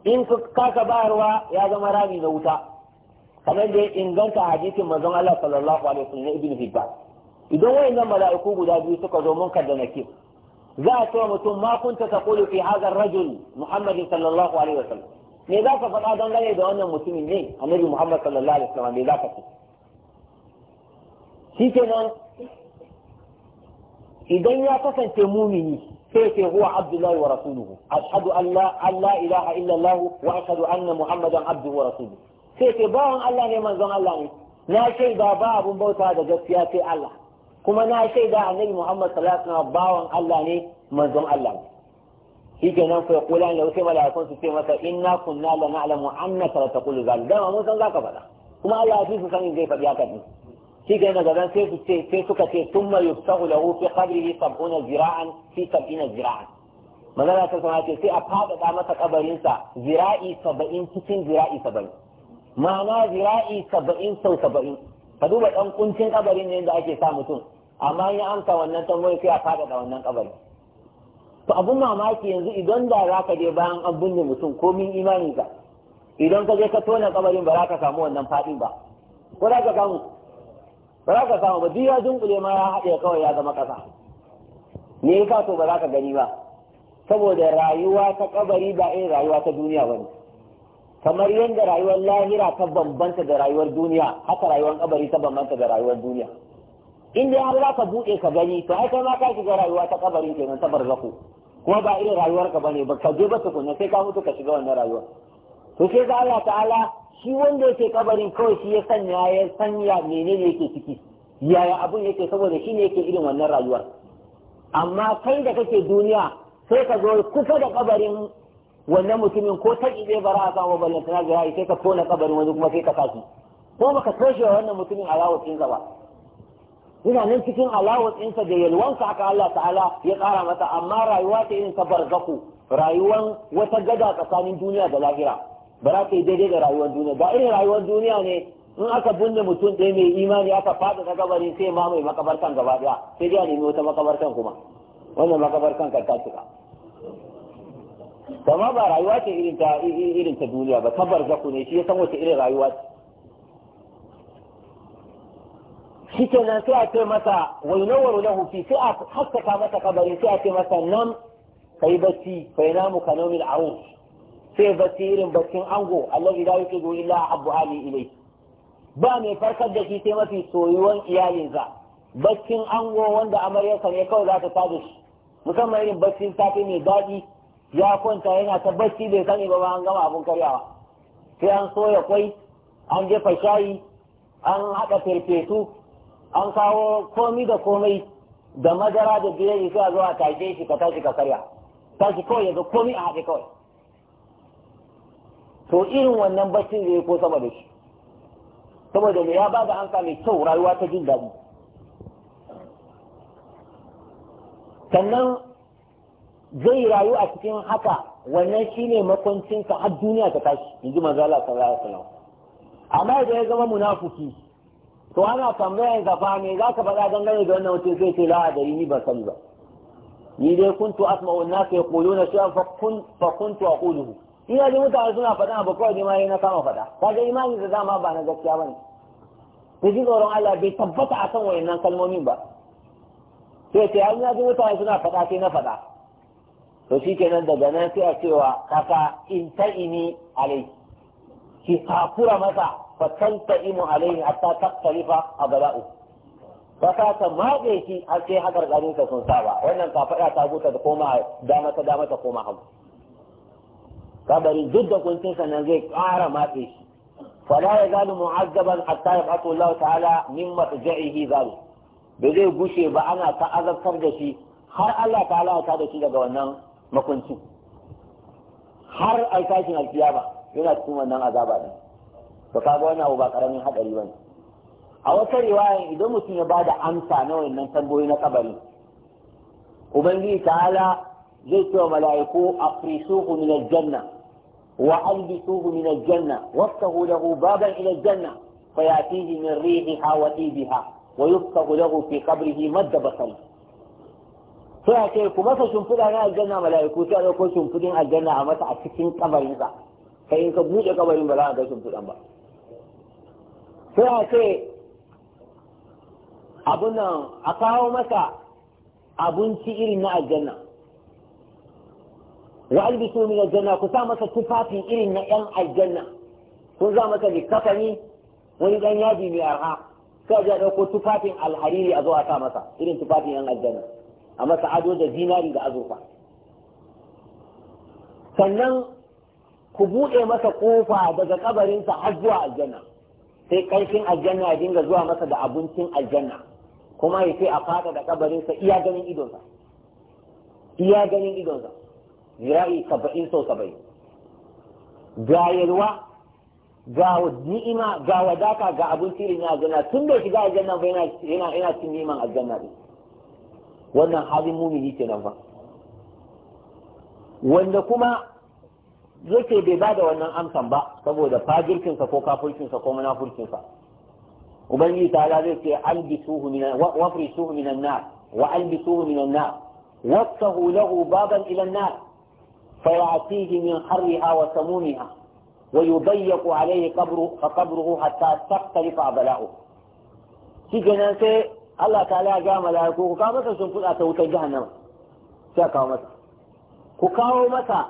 in ka kasa bayarwa ya zama rami na wuta kamar da ya inganta hadisin manzon Allah sallallahu alaihi wasallam ibn Hibban idan wayannan mala'iku guda biyu suka zo mun kaddana ke. ذات يوم ثم ما كنت تقول في هذا الرجل محمد صلى الله عليه وسلم لذلك فقال دون لا يدعو أن مسلم لي النبي محمد صلى الله عليه وسلم لذلك سيكنا إذن يا قسم تمومني كيف هو عبد الله ورسوله أشهد أن لا, أن لا إله إلا الله وأشهد أن محمدا عبده ورسوله كيف باهم الله لمن نعم، ذن الله نعم. لا شيء بابا أبو بوتا هذا جفيا في الله kuma na shaida annabi Muhammad sallallahu alaihi wasallam bawan Allah ne manzon Allah ne shikenan fa yaqula lahu sai mala'ikun su ce masa inna kunna la na'lamu annaka la taqulu zalik dama mun san zaka faɗa kuma Allah ya fi san in zai faɗi haka ne shikenan daga nan sai su ce sai suka ce thumma yuftahu lahu fi qabrihi sab'una zira'an fi sab'ina zira'an manzon ta sama ce sai a faɗaɗa masa kabarinsa zira'i saba'in cikin zira'i saba'in ma'ana zira'i saba'in sau saba'in ka duba ɗan kuncin kabarin ne da ake sa mutum amma ya amsa wannan tambayoyi sai a faɗaɗa wannan kabari to abun mamaki yanzu idan da za ka je bayan an binne mutum komin imanin ka idan ka je ka tona kabarin ba za ka samu wannan faɗin ba ko za ka samu ba za ka samu ba duk ya dunkule ma ya haɗe kawai ya zama ƙasa me yasa to ba za ka gani ba saboda rayuwa ta kabari ba irin rayuwa ta duniya ba ne kamar yadda rayuwar lahira ta bambanta da rayuwar duniya haka rayuwar kabari ta bambanta da rayuwar duniya in dai har za ka buɗe ka gani to ai kai ma ka shiga rayuwa ta kabari kenan ta barzaku kuma ba irin rayuwar ka bane ba ka je ba tukunna sai ka mutu ka shiga wannan rayuwa to sai ga Allah ta'ala shi wanda yake kabarin kawai shi ya sanya ya sanya menene yake ciki yaya abun yake saboda shi ne yake irin wannan rayuwar amma kai da kake duniya sai ka zo kusa da kabarin wannan mutumin ko ta zai bara a samu ballantana ga yayi sai ka tona kabarin wani kuma sai ka tashi ko baka toshe wannan mutumin alawacinsa ba ina nan cikin alawacinsa da yalwansa haka Allah ta'ala ya ƙara mata amma rayuwa ta irin ta barzaku rayuwan wata gada tsakanin duniya da lahira ba za ta yi daidai da rayuwar duniya ba irin rayuwar duniya ne in aka binne mutum ɗaya mai imani aka faɗi ta gabarin sai ma mai makabartan gaba ɗaya sai dai a nemi wata makabartan kuma wannan makabartan kan ta ka. kama ba rayuwa ce irin ta irin ta duniya ba tabar zaku ne shi ya san wace irin rayuwa ce shi nan sai a ce masa wainawaru na fi sai a haskaka masa kabari sai a ce masa nan kai bacci kai namu min aruf sai bacci irin baccin ango allazi yake yuqidu illa abu ali ilai ba mai farkar da shi sai mafi soyuwan iyalinsa baccin ango wanda amaryarsa ne kawai za ta tada shi musamman irin baccin safe mai daɗi ya kwanta yana ta bacci bai sani ba an gama abun karyawa sai an soya kwai an jefa shayi an haɗa firfetu an kawo komi da komai da madara da biyar sai zuwa zuwa a tashe shi ka tashi ka karya tashi kawai ya komi a haɗe kawai to irin wannan baccin zai ko sama da shi saboda mai ya ba da hanka mai kyau rayuwa ta jin daɗi sannan zai rayu a cikin haka wannan shi shine ka har duniya ta tashi in ji manzo Allah sallallahu alaihi wasallam amma idan ya zama munafiki to ana in gafa ne za ka faɗa dangane da wannan mutum sai ce la'a gari ni ba san ba ni dai kuntu asma'u an-nas yaquluna shay'an fa kun fa kuntu aquluhu ina ji mutane suna faɗa abu kawai ma na kama faɗa kaga imani da dama ba na gaskiya ne ta ji tsoron Allah bai tabbata akan wayannan kalmomin ba sai ce ai ji mutane suna faɗa sai na faɗa to shi kenan daga nan sai a cewa kasa in ta ini alai ki kafura masa fa tanta'imu alaihi hatta taktalifa a bala'u kaka ta matse shi har sai hakar ka sun saba wannan ka faɗa ta buta da koma dama ta dama ta koma hagu kabari duk da kuncin sannan zai ƙara matse shi فلا يزال معذبا حتى يبعثه الله تعالى من مرجعه ذلك ba zai gushe ba ana ta azabtar da shi har Allah ta halata da shi daga wannan makwanci har a tashin alkiyama yana cikin wannan azaba ne to kaga wannan abu ba karamin hadari bane a wata riwaya idan mutum ya bada amsa na wannan tambayoyi na kabari ubangiji ta'ala zai ce wa mala'iku afrisuhu min aljanna wa albisuhu min aljanna waftahu lahu baban ila aljanna fayatihi min rihiha wa tibiha wa yuftahu lahu fi qabrihi madda basari sai a ce ku masa shimfiɗa na aljanna mala'iku sai a ɗauko shimfiɗin aljanna a masa a cikin kabarinsa kai in ka buɗe kabarin ba za a ga shimfiɗan ba sai a ce abun nan a kawo masa abinci irin na aljanna wa albisu min aljanna ku sa masa tufafin irin na yan aljanna kun za masa likafani wani dan yaji mai arha sai a ɗauko tufafin alhariri a zo a sa masa irin tufafin yan aljanna a masa ado da zinari da azurfa sannan ku buɗe masa ƙofa daga kabarinsa har zuwa aljanna sai ƙarfin aljanna ya dinga zuwa masa da abincin aljanna kuma ya ce a fada da kabarinsa iya ganin idonsa iya ganin idonsa zira'i saba'in sau saba'in ga yalwa ga ni'ima ga wadaka ga abincin irin aljanna tun da shiga aljanna ba yana cin niman aljanna din wannan halin mumini kenan ba wanda kuma yake bai ba da wannan amsan ba saboda fajirkinsa ko kafirkinsa ko munafurkinsa ubangiji ta ala zai ce albisuhu min wa min minan nar wa albisuhu minan nar wasahu lahu baban ila nar ya'tihi min harriha wa samumiha wa yudayyiqu alayhi qabru fa qabruhu hatta taqtarifa bala'u shi kenan sai Allah ta ya ga malaiku ku kawo masa sun kuɗa ta wutar jahannama sai kawo masa ku kawo masa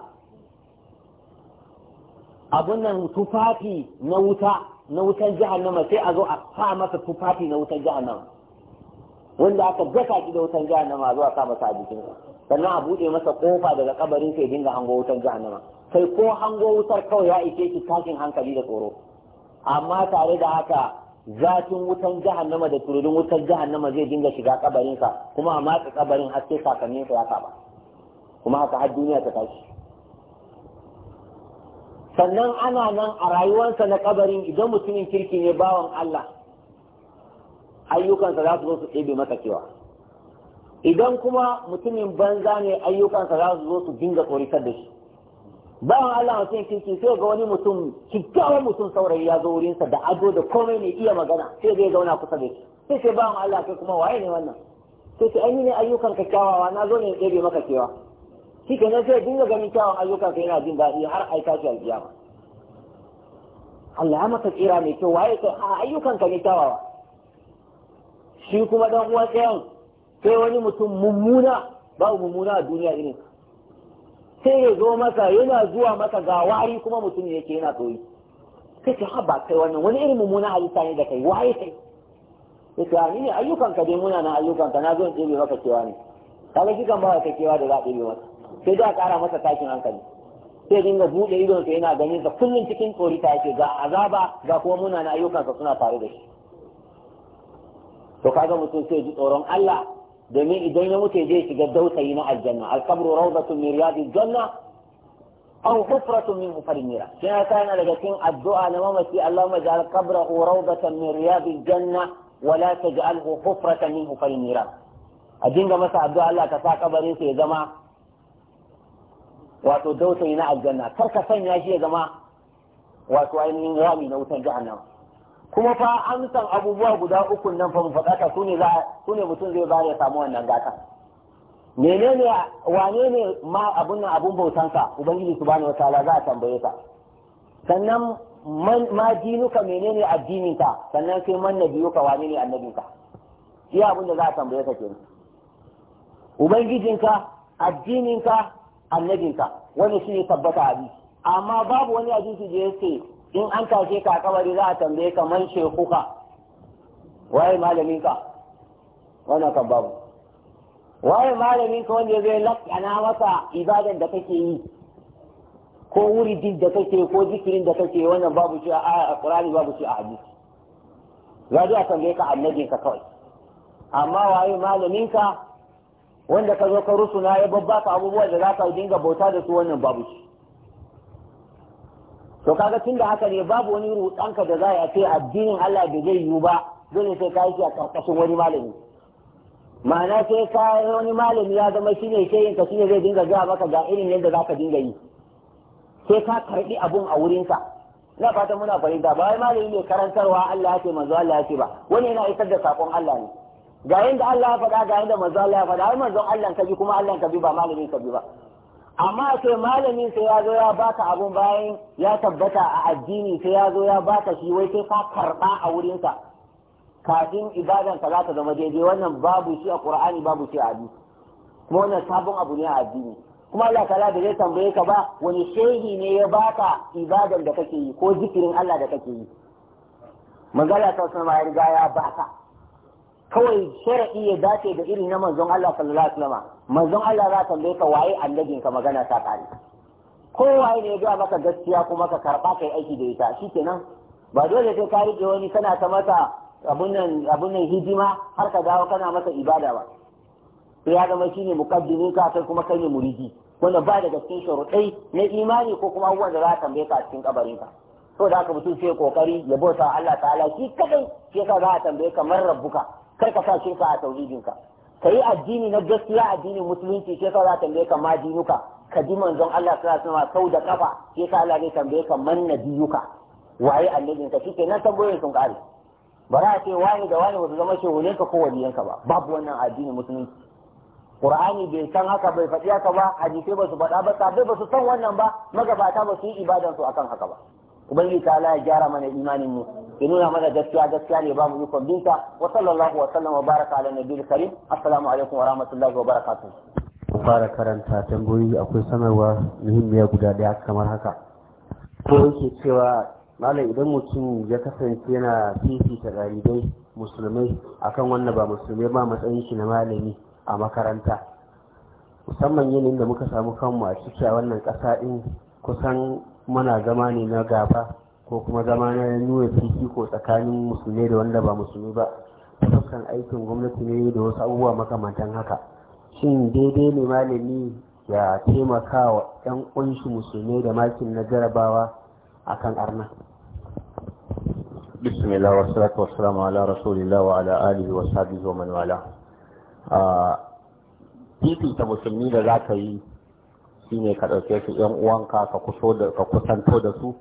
abun nan tufafi na wuta na wutar jahannama sai a zo a sa masa tufafi na wutar jahannama wanda aka daka ki da wutar jahannama zuwa sa masa a jikinsa sannan a buɗe masa kofa daga kabarin sai dinga hango wutar jahannama sai ko hango wutar kawai ya ike ki tashin hankali da tsoro amma tare da haka zafin wutan jahannama da turudin wutan jahannama zai dinga shiga kabarinsa kuma a matsa kabarin har sai ya saba kuma haka har duniya ta tashi sannan ana nan a rayuwarsa na kabarin idan mutumin kirki ne bawan Allah ayyukansa za su zo su ɗebe masa kewa idan kuma mutumin banza ne ayyukansa za su zo su dinga tsoritar da shi Ba wa Allah mutum kinki sai ga wani mutum kikkiawar mutum saurayi ya zo wurinsa da ado da komai mai iya magana sai zai zauna kusa da shi sai sai wa Allah kai kuma waye ne wannan sai sai ainihin ayyukan ka kyawawa na zo ne in ɗebe maka kewa shi kenan sai dinga ganin kyawun ayyukan ka yana jin daɗi har aika shi ba. Allah ya maka tsira mai kyau waye kai a ayyukan ka ne kyawawa shi kuma dan uwa tsayan sai wani mutum mummuna babu mummuna a duniya irin sai ya zo masa yana zuwa masa ga wari kuma mutum yake yana tsoyi sai ce haba kai wannan wani irin mummuna halitta ne da kai waye kai sai ce ni ne ayyukanka dai muna na ayyukanka na zo in ɗebe maka cewa ne kaga kikan ba ka cewa da za a ɗebe masa sai za a kara masa takin hankali sai dinga buɗe idon sa yana ganin sa kullum cikin ta yake ga azaba ga kuma muna na ayyukansa suna tare da shi to kaga mutum sai ji tsoron Allah دمي دمي موت يجي تجدو تينا الجنة القبر روضة من رياض الجنة أو حفرة من حفر النار كان كان لجتين الدعاء لمامتي اللهم اجعل قبره روضة من رياض الجنة ولا تجعله حفرة من حفر النار أدينا مثلا الدعاء الله كفا قبر يا جماعة وتدو تينا الجنة كل كفن يجي جماعة وتعين من رامي نوتن جهنم kuma fa an san abubuwa guda uku nan fa mu faɗaka su ne su ne mutum zai bayar ya samu wannan gata menene wane ne ma abun nan abun bautansa ubangiji subhanahu wataala za a tambaye ka sannan ma jinuka menene addininka sannan sai man nabiyuka wane ne ka shi abun da za a tambaye ka kenan ubangijinka addininka annabinka wani shi ne tabbata abi amma babu wani addini da ya ce in an tashe ka kabari za a tambaye ka man shekuka waye malamin ka wannan kan babu waye malamin ka wanda zai lakana masa ibadan da kake yi ko wuridin da kake ko zikirin da kake wannan babu shi a alqur'ani babu shi a hadisi za a tambaye ka annabin ka kawai amma waye malamin ka wanda ka zo ka rusuna ya babba ka abubuwa da za ka dinga bauta da su wannan babu shi to kaga tun da haka ne babu wani rudanka da za a ce addinin Allah da zai yiwu ba dole sai ka yi a karkashin wani malami ma'ana sai ka wani malami ya zama shine shehin ka shine zai dinga zuwa maka ga irin yadda za ka dinga yi sai ka karbi abun a wurinsa ina fatan muna fahimta ba wai malami mai karantarwa Allah ya ce manzo Allah ya ce ba wani yana isar da sakon Allah ne ga yanda Allah ya faɗa ga yanda manzo Allah ya faɗa wai manzo Allah ka bi kuma Allah ka bi ba malamin ka bi ba amma ce malamin sai ya zo ya baka abun bayan ya tabbata a addini sai ya zo ya baka shi wai sai ka karba a wurinsa kafin ibadan ka za ta zama daidai wannan babu shi a qur'ani babu shi a hadisi kuma wannan sabon abu ne a addini kuma Allah ta'ala da zai tambaye ka ba wani shehi ne ya baka ibadan da kake yi ko zikirin Allah da kake yi manzala ta sama ya riga ya baka kawai sharaɗi ya dace da iri na manzon Allah sallallahu alaihi wasallam manzon Allah za tambayi ka waye annabin ka magana ta kare ko waye ne ya maka gaskiya kuma ka karba kai aiki da ita shi kenan. ba dole sai ka rike wani kana ta mata abun nan hidima har ka dawo kana masa ibada ba to ya zama shine muqaddimi ka sai kuma kai ne muridi wanda ba daga cikin sharuɗai na imani ko kuma abubuwan da za ka tambaye ka a cikin kabarin ka to da haka mutum sai kokari ya bauta Allah ta'ala shi kadai sai ka za a tambaye ka rabbuka kar ka sa shirka a tauhidinka ka yi addini na gaskiya addinin musulunci ke sa za tambaye ka majinuka ka ji manzon Allah sallallahu alaihi sau da kafa ke sa Allah zai tambaye ka man nabiyuka waye annabin ka shike nan tambayoyin sun kare ba za a ce wani da wani su zama wani ka ko wani yanka ba babu wannan addinin musulunci Qur'ani bai san haka bai faɗi haka ba hadisai ba su faɗa ba sabai ba su san wannan ba magabata ba su yi ibadansu akan haka ba ubangi ta Allah ya gyara mana imanin mu ya nuna mana gaskiya gaskiya ne ba mu ikon binta wa sallallahu wa sallam wa baraka ala nabiyil karim assalamu alaikum wa rahmatullahi wa barakatuh fara karanta tambayoyi akwai sanarwa muhimmiya guda daya kamar haka ko yake cewa malam idan mutum ya kasance yana fifita ɗalibai musulmai akan wannan ba musulmai ba matsayin shi na malami a makaranta musamman yanayin da muka samu kanmu a cikin wannan ƙasa ɗin kusan muna zama ne na gaba ko kuma zama na nuna ko tsakanin musulmi da wanda ba musulmi ba ta fuskan aikin gwamnati ne da wasu abubuwa makamantan haka shin daidai ne malami ya taimaka wa 'yan kunshi musulmi da makin na jarabawa kan arna bismillah wasu ala rasulillah wa ala wa wa ah, fifita musulmi da za ka yi ne ka ɗauke su ‘yan uwanka ka kusanto da su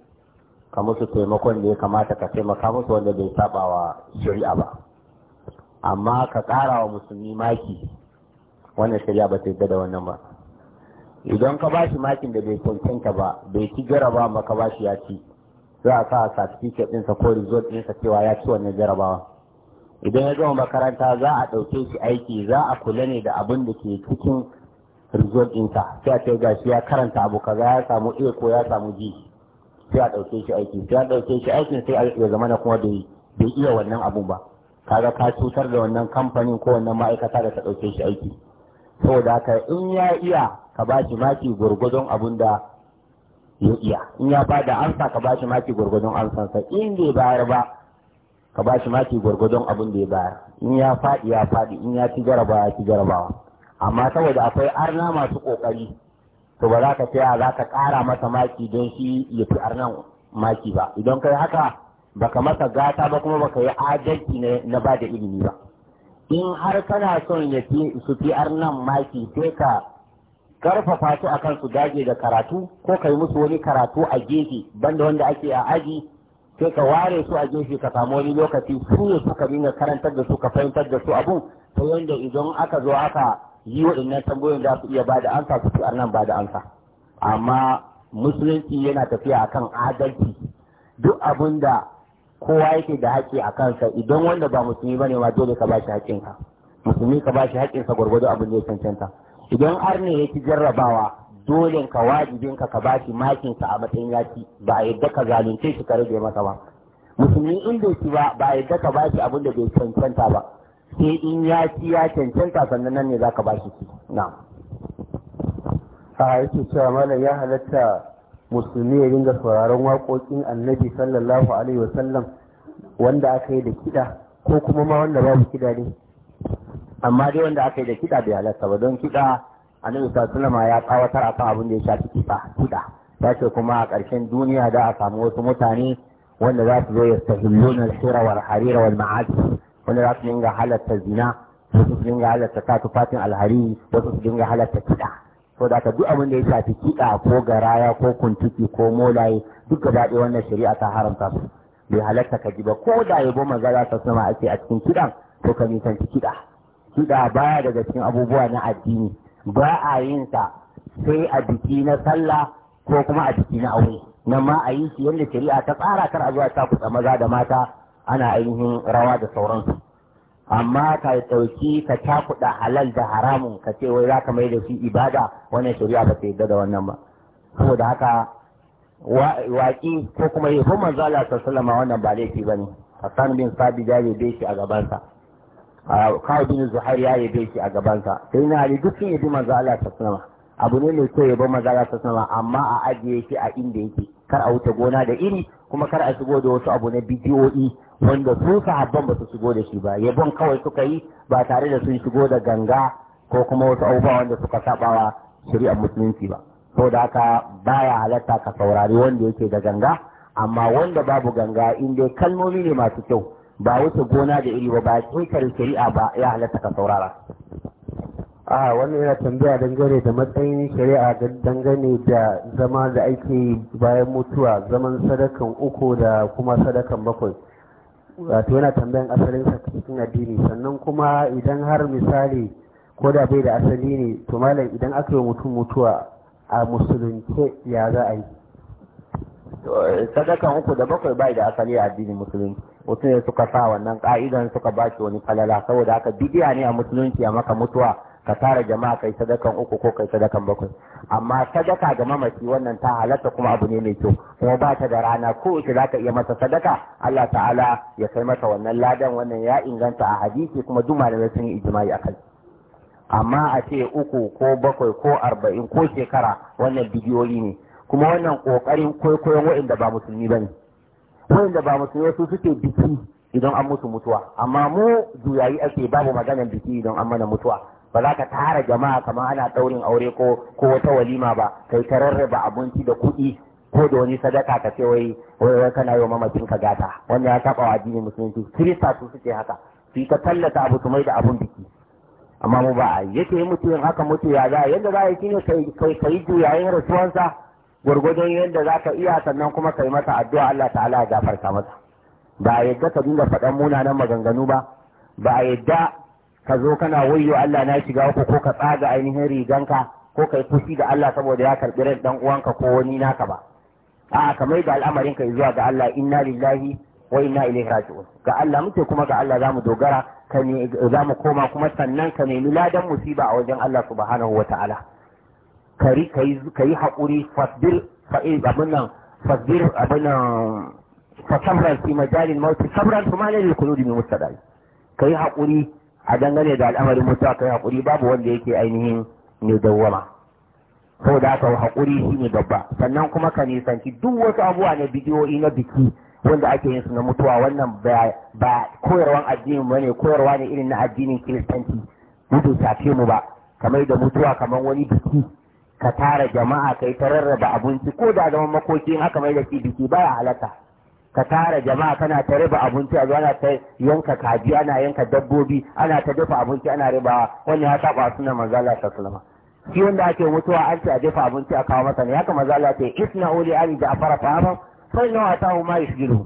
ka musu taimakon da ya kamata ka taimaka musu wanda bai saba wa shari'a ba amma ka ƙara wa musulmi maki wannan shari'a ba ta yadda da wannan ba idan ka bashi makin da bai cancanta ba bai ci jaraba ba ka bashi ya ci za a sa certificate ɗinsa ko result cewa ya ci wannan jarabawa idan ya zama makaranta za a ɗauke shi aiki za a kula ne da abin da ke cikin result ɗinka sai a ce gashi ya karanta abu kaza ya samu a ko ya samu b sai a ɗauke shi aiki sai a ɗauke shi aikin sai ya zama na kuma bai iya wannan abun ba kaga ka cutar da wannan kamfanin ko wannan ma'aikata da ta ɗauke shi aiki saboda haka in ya iya ka ba shi maki gwargwadon abun da ya iya in ya ba da ansa ka ba shi maki gwargwadon ansansa in bai bayar ba ka ba shi maki gwargwadon abun da ya bayar in ya faɗi ya faɗi in ya ci jarabawa ya ci jarabawa amma saboda akwai arna masu kokari to ba za ka tsaya za ka ƙara masa maki don shi ya fi arnan maki ba idan kai haka baka masa gata ba kuma baka yi adalci na ba da ilimi ba in har kana son ya fi su fi arnan maki sai ka karfafa su akan su dage da karatu ko kai musu wani karatu a gefe banda wanda ake a aji sai ka ware su a gefe ka samu wani lokaci su ne suka dinga karantar da su ka fahimtar da su abu ta yanda idan aka zo aka yi waɗannan tambayoyin za su iya ba da ansa su a nan ba da ansa amma musulunci yana tafiya akan adalci duk abin da kowa yake da haƙƙi a kansa idan wanda ba musulmi bane ma dole ka bashi haƙƙinka musulmi ka bashi haƙƙinsa gwargwado abin da ya cancanta idan har ne ya ci jarrabawa dole ka wajibin ka ka bashi makinsa a matsayin yaki ba a yadda ka zalunce shi ka rage masa ba musulmi in shi ba ba a yadda ka bashi abin da bai cancanta ba sai in ya ci ya cancanta sannan nan ne za ka ba shi ci na a yake cewa malam ya halatta musulmi ya ringa sauraron waƙoƙin annabi sallallahu alaihi wasallam wanda aka yi da kiɗa ko kuma ma wanda babu kiɗa ne amma dai wanda aka yi da kiɗa bai halatta ba don kiɗa annabi sallallahu ya tsawatar akan abin da ya shafi kiɗa kiɗa ya ce kuma a ƙarshen duniya da a samu wasu mutane wanda za su zo ya sahilluna na shira wal harira Wani za su dinga halatta zina wasu su dinga halatta sa tufafin alhari wasu su dinga halatta kiɗa so da duk abin da ya shafi kiɗa ko garaya ko kuntuki ko molaye duk gaba ɗaya wannan shari'a ta haramta su bai halatta ka ji ba ko da yabo za ta sama ake a cikin kiɗan to ka nisanci kiɗa kiɗa baya daga cikin abubuwa na addini ba a yin sa sai a biki na sallah ko kuma a biki na aure nan ma a yi shi yadda shari'a ta tsara kar a zuwa ta kusa maza da mata ana ainihin rawa da sauransu amma ka ɗauki ka cakuda halal da haramun ka ce wai za ka mai da shi ibada wannan shari'a ba ta yarda da wannan ba saboda haka waƙi ko kuma yi fi manzo Allah sallama wannan ba laifi ba ne Hassan bin Sabi ya yabe shi a gabansa Kawo bin Zuhair ya yabe shi a gabansa sai na Ali duk sun yabi manzo Allah sallama abu ne mai kyau yabo manzo Allah sallama amma a ajiye shi a inda yake kar a wuce gona da iri kuma kar a shigo da wasu abu na bidiyoyi wanda su sahabban ba su shigo da shi ba yabon kawai suka yi ba tare da sun shigo da ganga ko kuma wasu abubuwa wanda suka sabawa shari'ar musulunci ba so da haka baya halatta ka saurari wanda yake da ganga amma wanda babu ganga in dai kalmomi ne masu kyau ba wuce gona da iri ba ba shari'a ba ya halatta ka saurara a wannan yana tambaya dangane da matsayin shari'a dangane da zama da ake bayan mutuwa zaman sadakan uku da kuma sadakan bakwai wato yana tambayan asalin sa cikin addini sannan kuma idan har misali ko da bai da asali ne to malam idan aka yi mutum mutuwa a musulunce ya za a yi sadakan uku da bakwai bai da asali a addinin musulunci mutum ne suka sa wannan ka'idan suka ba shi wani falala saboda haka bidiya ne a musulunci a maka mutuwa ka tara jama'a kai sadakan uku ko kai sadakan bakwai amma sadaka ga mamaki wannan ta halatta kuma abu ne mai kyau kuma ba ta da rana ko ita za ka iya masa sadaka Allah ta'ala ya kai masa wannan ladan wannan ya inganta a hadisi kuma duk malamai sun yi ijma'i akai amma a ce uku ko bakwai ko arba'in ko shekara wannan bidiyoyi ne kuma wannan kokarin kwaikwayon waɗanda ba musulmi ba ne waɗanda ba musulmi su suke biki idan an musu mutuwa amma mu juyayi ake babu maganar biki idan an mana mutuwa ba za ka tara jama'a kamar ana daurin aure ko ko wata walima ba kai ka rarraba abinci da kuɗi ko da wani sadaka ka ce wai wai kana yi wa mamacin ka gata wanda ya taɓa wa addinin musulunci kirista su suke haka su ka tallata abu su mai da abun biki amma mu ba yake yi mutu haka mutu ya za yadda za a yi ka kai kai yin rasuwansa gwargwadon yadda za ka iya sannan kuma kai masa addu'a Allah ta'ala ya gafarta masa ba a yadda ka dinga faɗan munanan maganganu ba ba a yadda ka zo kana wayyo Allah na shiga uku ko ka tsaga ainihin riganka ko kai fushi da Allah saboda ya karɓi ran dan uwanka ko wani naka ba a'a ka mai da al'amarin ka zuwa ga Allah inna lillahi wa inna ilaihi raji'un ga Allah muke kuma ga Allah zamu dogara ka ne zamu koma kuma sannan ka nemi ladan musiba a wajen Allah subhanahu wata'ala kari kai kai hakuri fasbir fa abin nan fasbir abin nan fa sabran fi majalil mawt sabran kuma ne lil qulubi min mustadal kai hakuri a dangane da al'amarin mutuwa kai haƙuri, babu wanda yake ainihin mai dawwama aka haƙuri hakuri ne babba sannan kuma ka nisanci duk wasu abubuwa na bidiyoyi na biki wanda ake yin su na mutuwa wannan ba koyarwan addinin ne, koyarwa ne irin na addinin kiristanci mutu shafe mu ba kamar da mutuwa kamar wani biki ka tara jama'a kai ta rarraba abinci ko da zaman makoki in aka mai da shi biki baya halatta ka tara jama'a kana ta riba abinci a ana ta yanka kaji ana yanka dabbobi ana ta dafa abinci ana ribawa wani ya saba suna manzo Allah sallallahu alaihi shi wanda ake mutuwa an ce a dafa abinci a kawo masa ne haka manzo Allah ce isna uli ali ja'far fa fa wata atahu ma yusjilu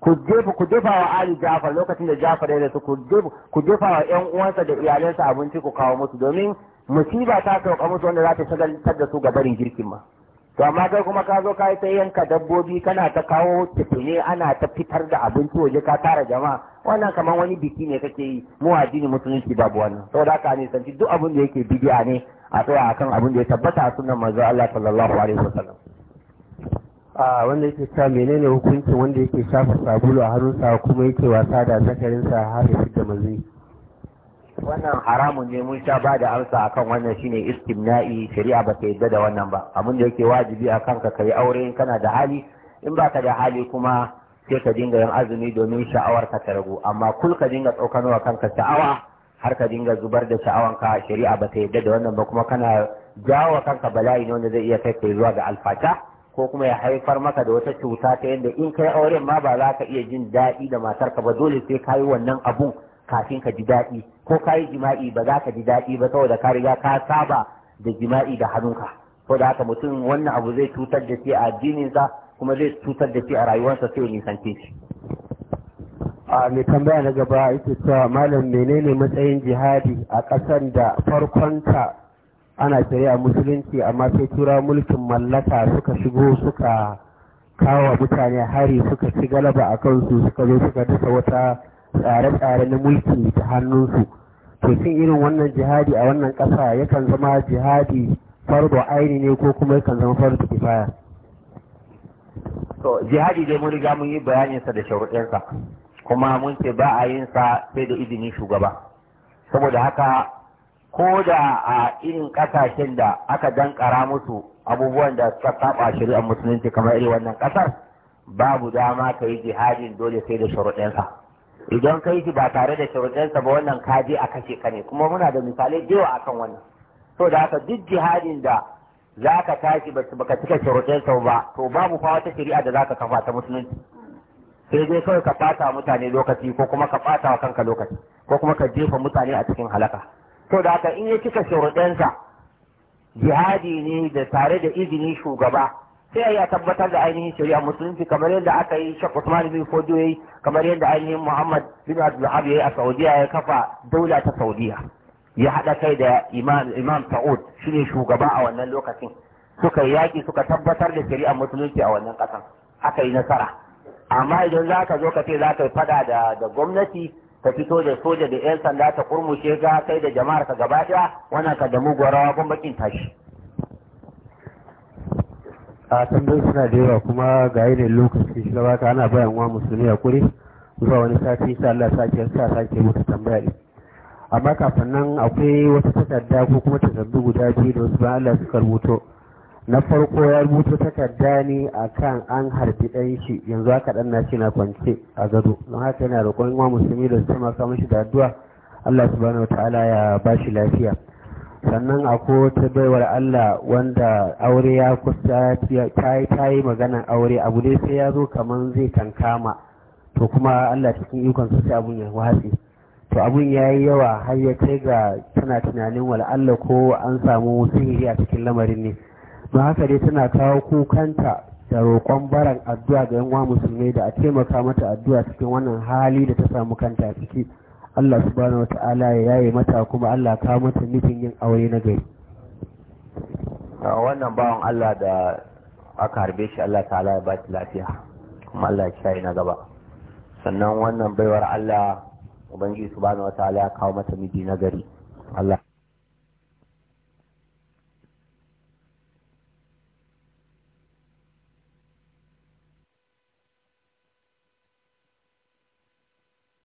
ku jefa ku jefa wa ali ja'far lokacin da ja'far ya rasu ku jefa wa ƴan uwansa da iyalansa abinci ku kawo musu domin musiba ta sauka musu wanda za ta shagaltar da su ga barin girkin ma to amma kai kuma ka zo ka yi ta yanka dabbobi kana ta kawo tufune ana ta fitar da abinci waje ka tara jama'a wannan kamar wani biki ne kake yi mu addini musulunci babu wannan saboda haka ne sanci duk abin da yake bidiya ne a tsaya akan abin da ya tabbata a sunan manzo Allah sallallahu alaihi wasallam a wanda yake ta menene hukuncin wanda yake shafa sabulu a hannunsa kuma yake wasa da zakarinsa har ya da manzo wannan haramun ne mun sha ba da amsa akan wannan shine istimna'i shari'a ba ta yadda da wannan ba abin yake wajibi a kanka kai aure kana da hali in ba ka da hali kuma sai ka dinga yin azumi domin sha'awar ka ta ragu amma kul ka dinga tsokanowa kanka sha'awa har ka dinga zubar da ka shari'a ba ta yadda da wannan ba kuma kana jawo kanka bala'i ne wanda zai iya kai kai zuwa ga alfata ko kuma ya haifar maka da wata cuta ta yadda in kai auren ma ba za ka iya jin daɗi da matarka ba dole sai ka yi wannan abun kafin ka ji daɗi ko ka yi jima'i ba za ka ji daɗi ba saboda ka riga ka saba da jima'i da hannunka da haka mutum wannan abu zai cutar da shi a addininsa kuma zai cutar da shi a rayuwarsa sai nisance shi a mai tambaya na gaba ita cewa malam menene matsayin jihadi a ƙasar da farkonta ana shari'a musulunci amma sai tura mulkin mallaka suka shigo suka kawo mutane hari suka ci galaba a kansu suka zo suka dasa wata tsare-tsare na mulki ta hannunsu to cin irin wannan jihadi a wannan ƙasa yakan zama jihadi fardo aini ne ko kuma yakan zama fardo kifaya to jihadi dai mun riga mun yi sa da sharuɗinsa kuma mun ce ba a yin sa sai da izinin shugaba saboda haka ko da a irin ƙasashen da aka dankara musu abubuwan da suka saba shari'ar musulunci kamar irin wannan ƙasar babu dama ka yi jihadin dole sai da sharuɗinsa idan kai shi ba tare da sharuɗansa ba wannan kaje a kashe ka ne kuma muna da misalai da yawa akan wannan to da haka duk jihadin da za ka tashi baka cika sharuɗansa ba to babu fa wata shari'a da za ka kafa ta musulunci sai dai kawai ka wa mutane lokaci ko kuma ka fata wa kanka lokaci ko kuma ka jefa mutane a cikin halaka to da haka in ya cika sharuɗansa jihadi ne da tare da izini shugaba sai ya tabbatar da ainihin shari'a musulunci kamar yadda aka yi shakku Usman bin ko yayi kamar yadda ainihin Muhammad bin Abdul ya yi a Saudiya ya kafa daula ta Saudiya ya haɗa kai da Imam Imam Saud shine shugaba a wannan lokacin suka yi yaki suka tabbatar da shari'a musulunci a wannan ƙasan aka yi nasara amma idan za ka zo ka ce za ka yi fada da da gwamnati ka fito da soja da 'yan sanda ta kurmushe ga kai da jama'ar ka gaba ɗaya wannan ka da muguwar rawa bakin tashi a tambayin suna da yawa kuma ga yanayin lokaci shi baka ana bayan wa musulmi a kuri zuwa wani sati insha Allah sake sa sake mutu tambaya ne amma kafin nan akwai wata takarda ko kuma takardu guda biyu da wasu bayan Allah suka rubuto na farko ya rubuto takarda ne akan an harbi ɗan shi yanzu haka ɗan na na kwance a gado don haka yana roƙon wa musulmi da su taimaka mashi da addu'a Allah subhanahu wa ta'ala ya bashi lafiya sannan akwai wata baiwar Allah wanda aure ya kusa ta yi maganan aure abu ne sai ya zo kamar zai kankama to kuma Allah cikin ikon ce abun ya watsi to abun ya yi yawa har ya kai ga tana tunanin wala Allah ko an samu sihiri a cikin lamarin ne don haka dai tana kawo kukanta da roƙon baran addu'a ga yan musulmai da a taimaka mata addu'a cikin wannan hali da ta samu kanta ciki. Allah subhanahu wata'ala ya yi mata kuma Allah ka mata nufin yin aure na gari wannan bawan Allah da aka harbe shi Allah ta'ala ya ba lafiya kuma Allah ya na gaba sannan wannan baiwar Allah ubangiji subhanahu wata'ala ya kawo mata miji na gari Allah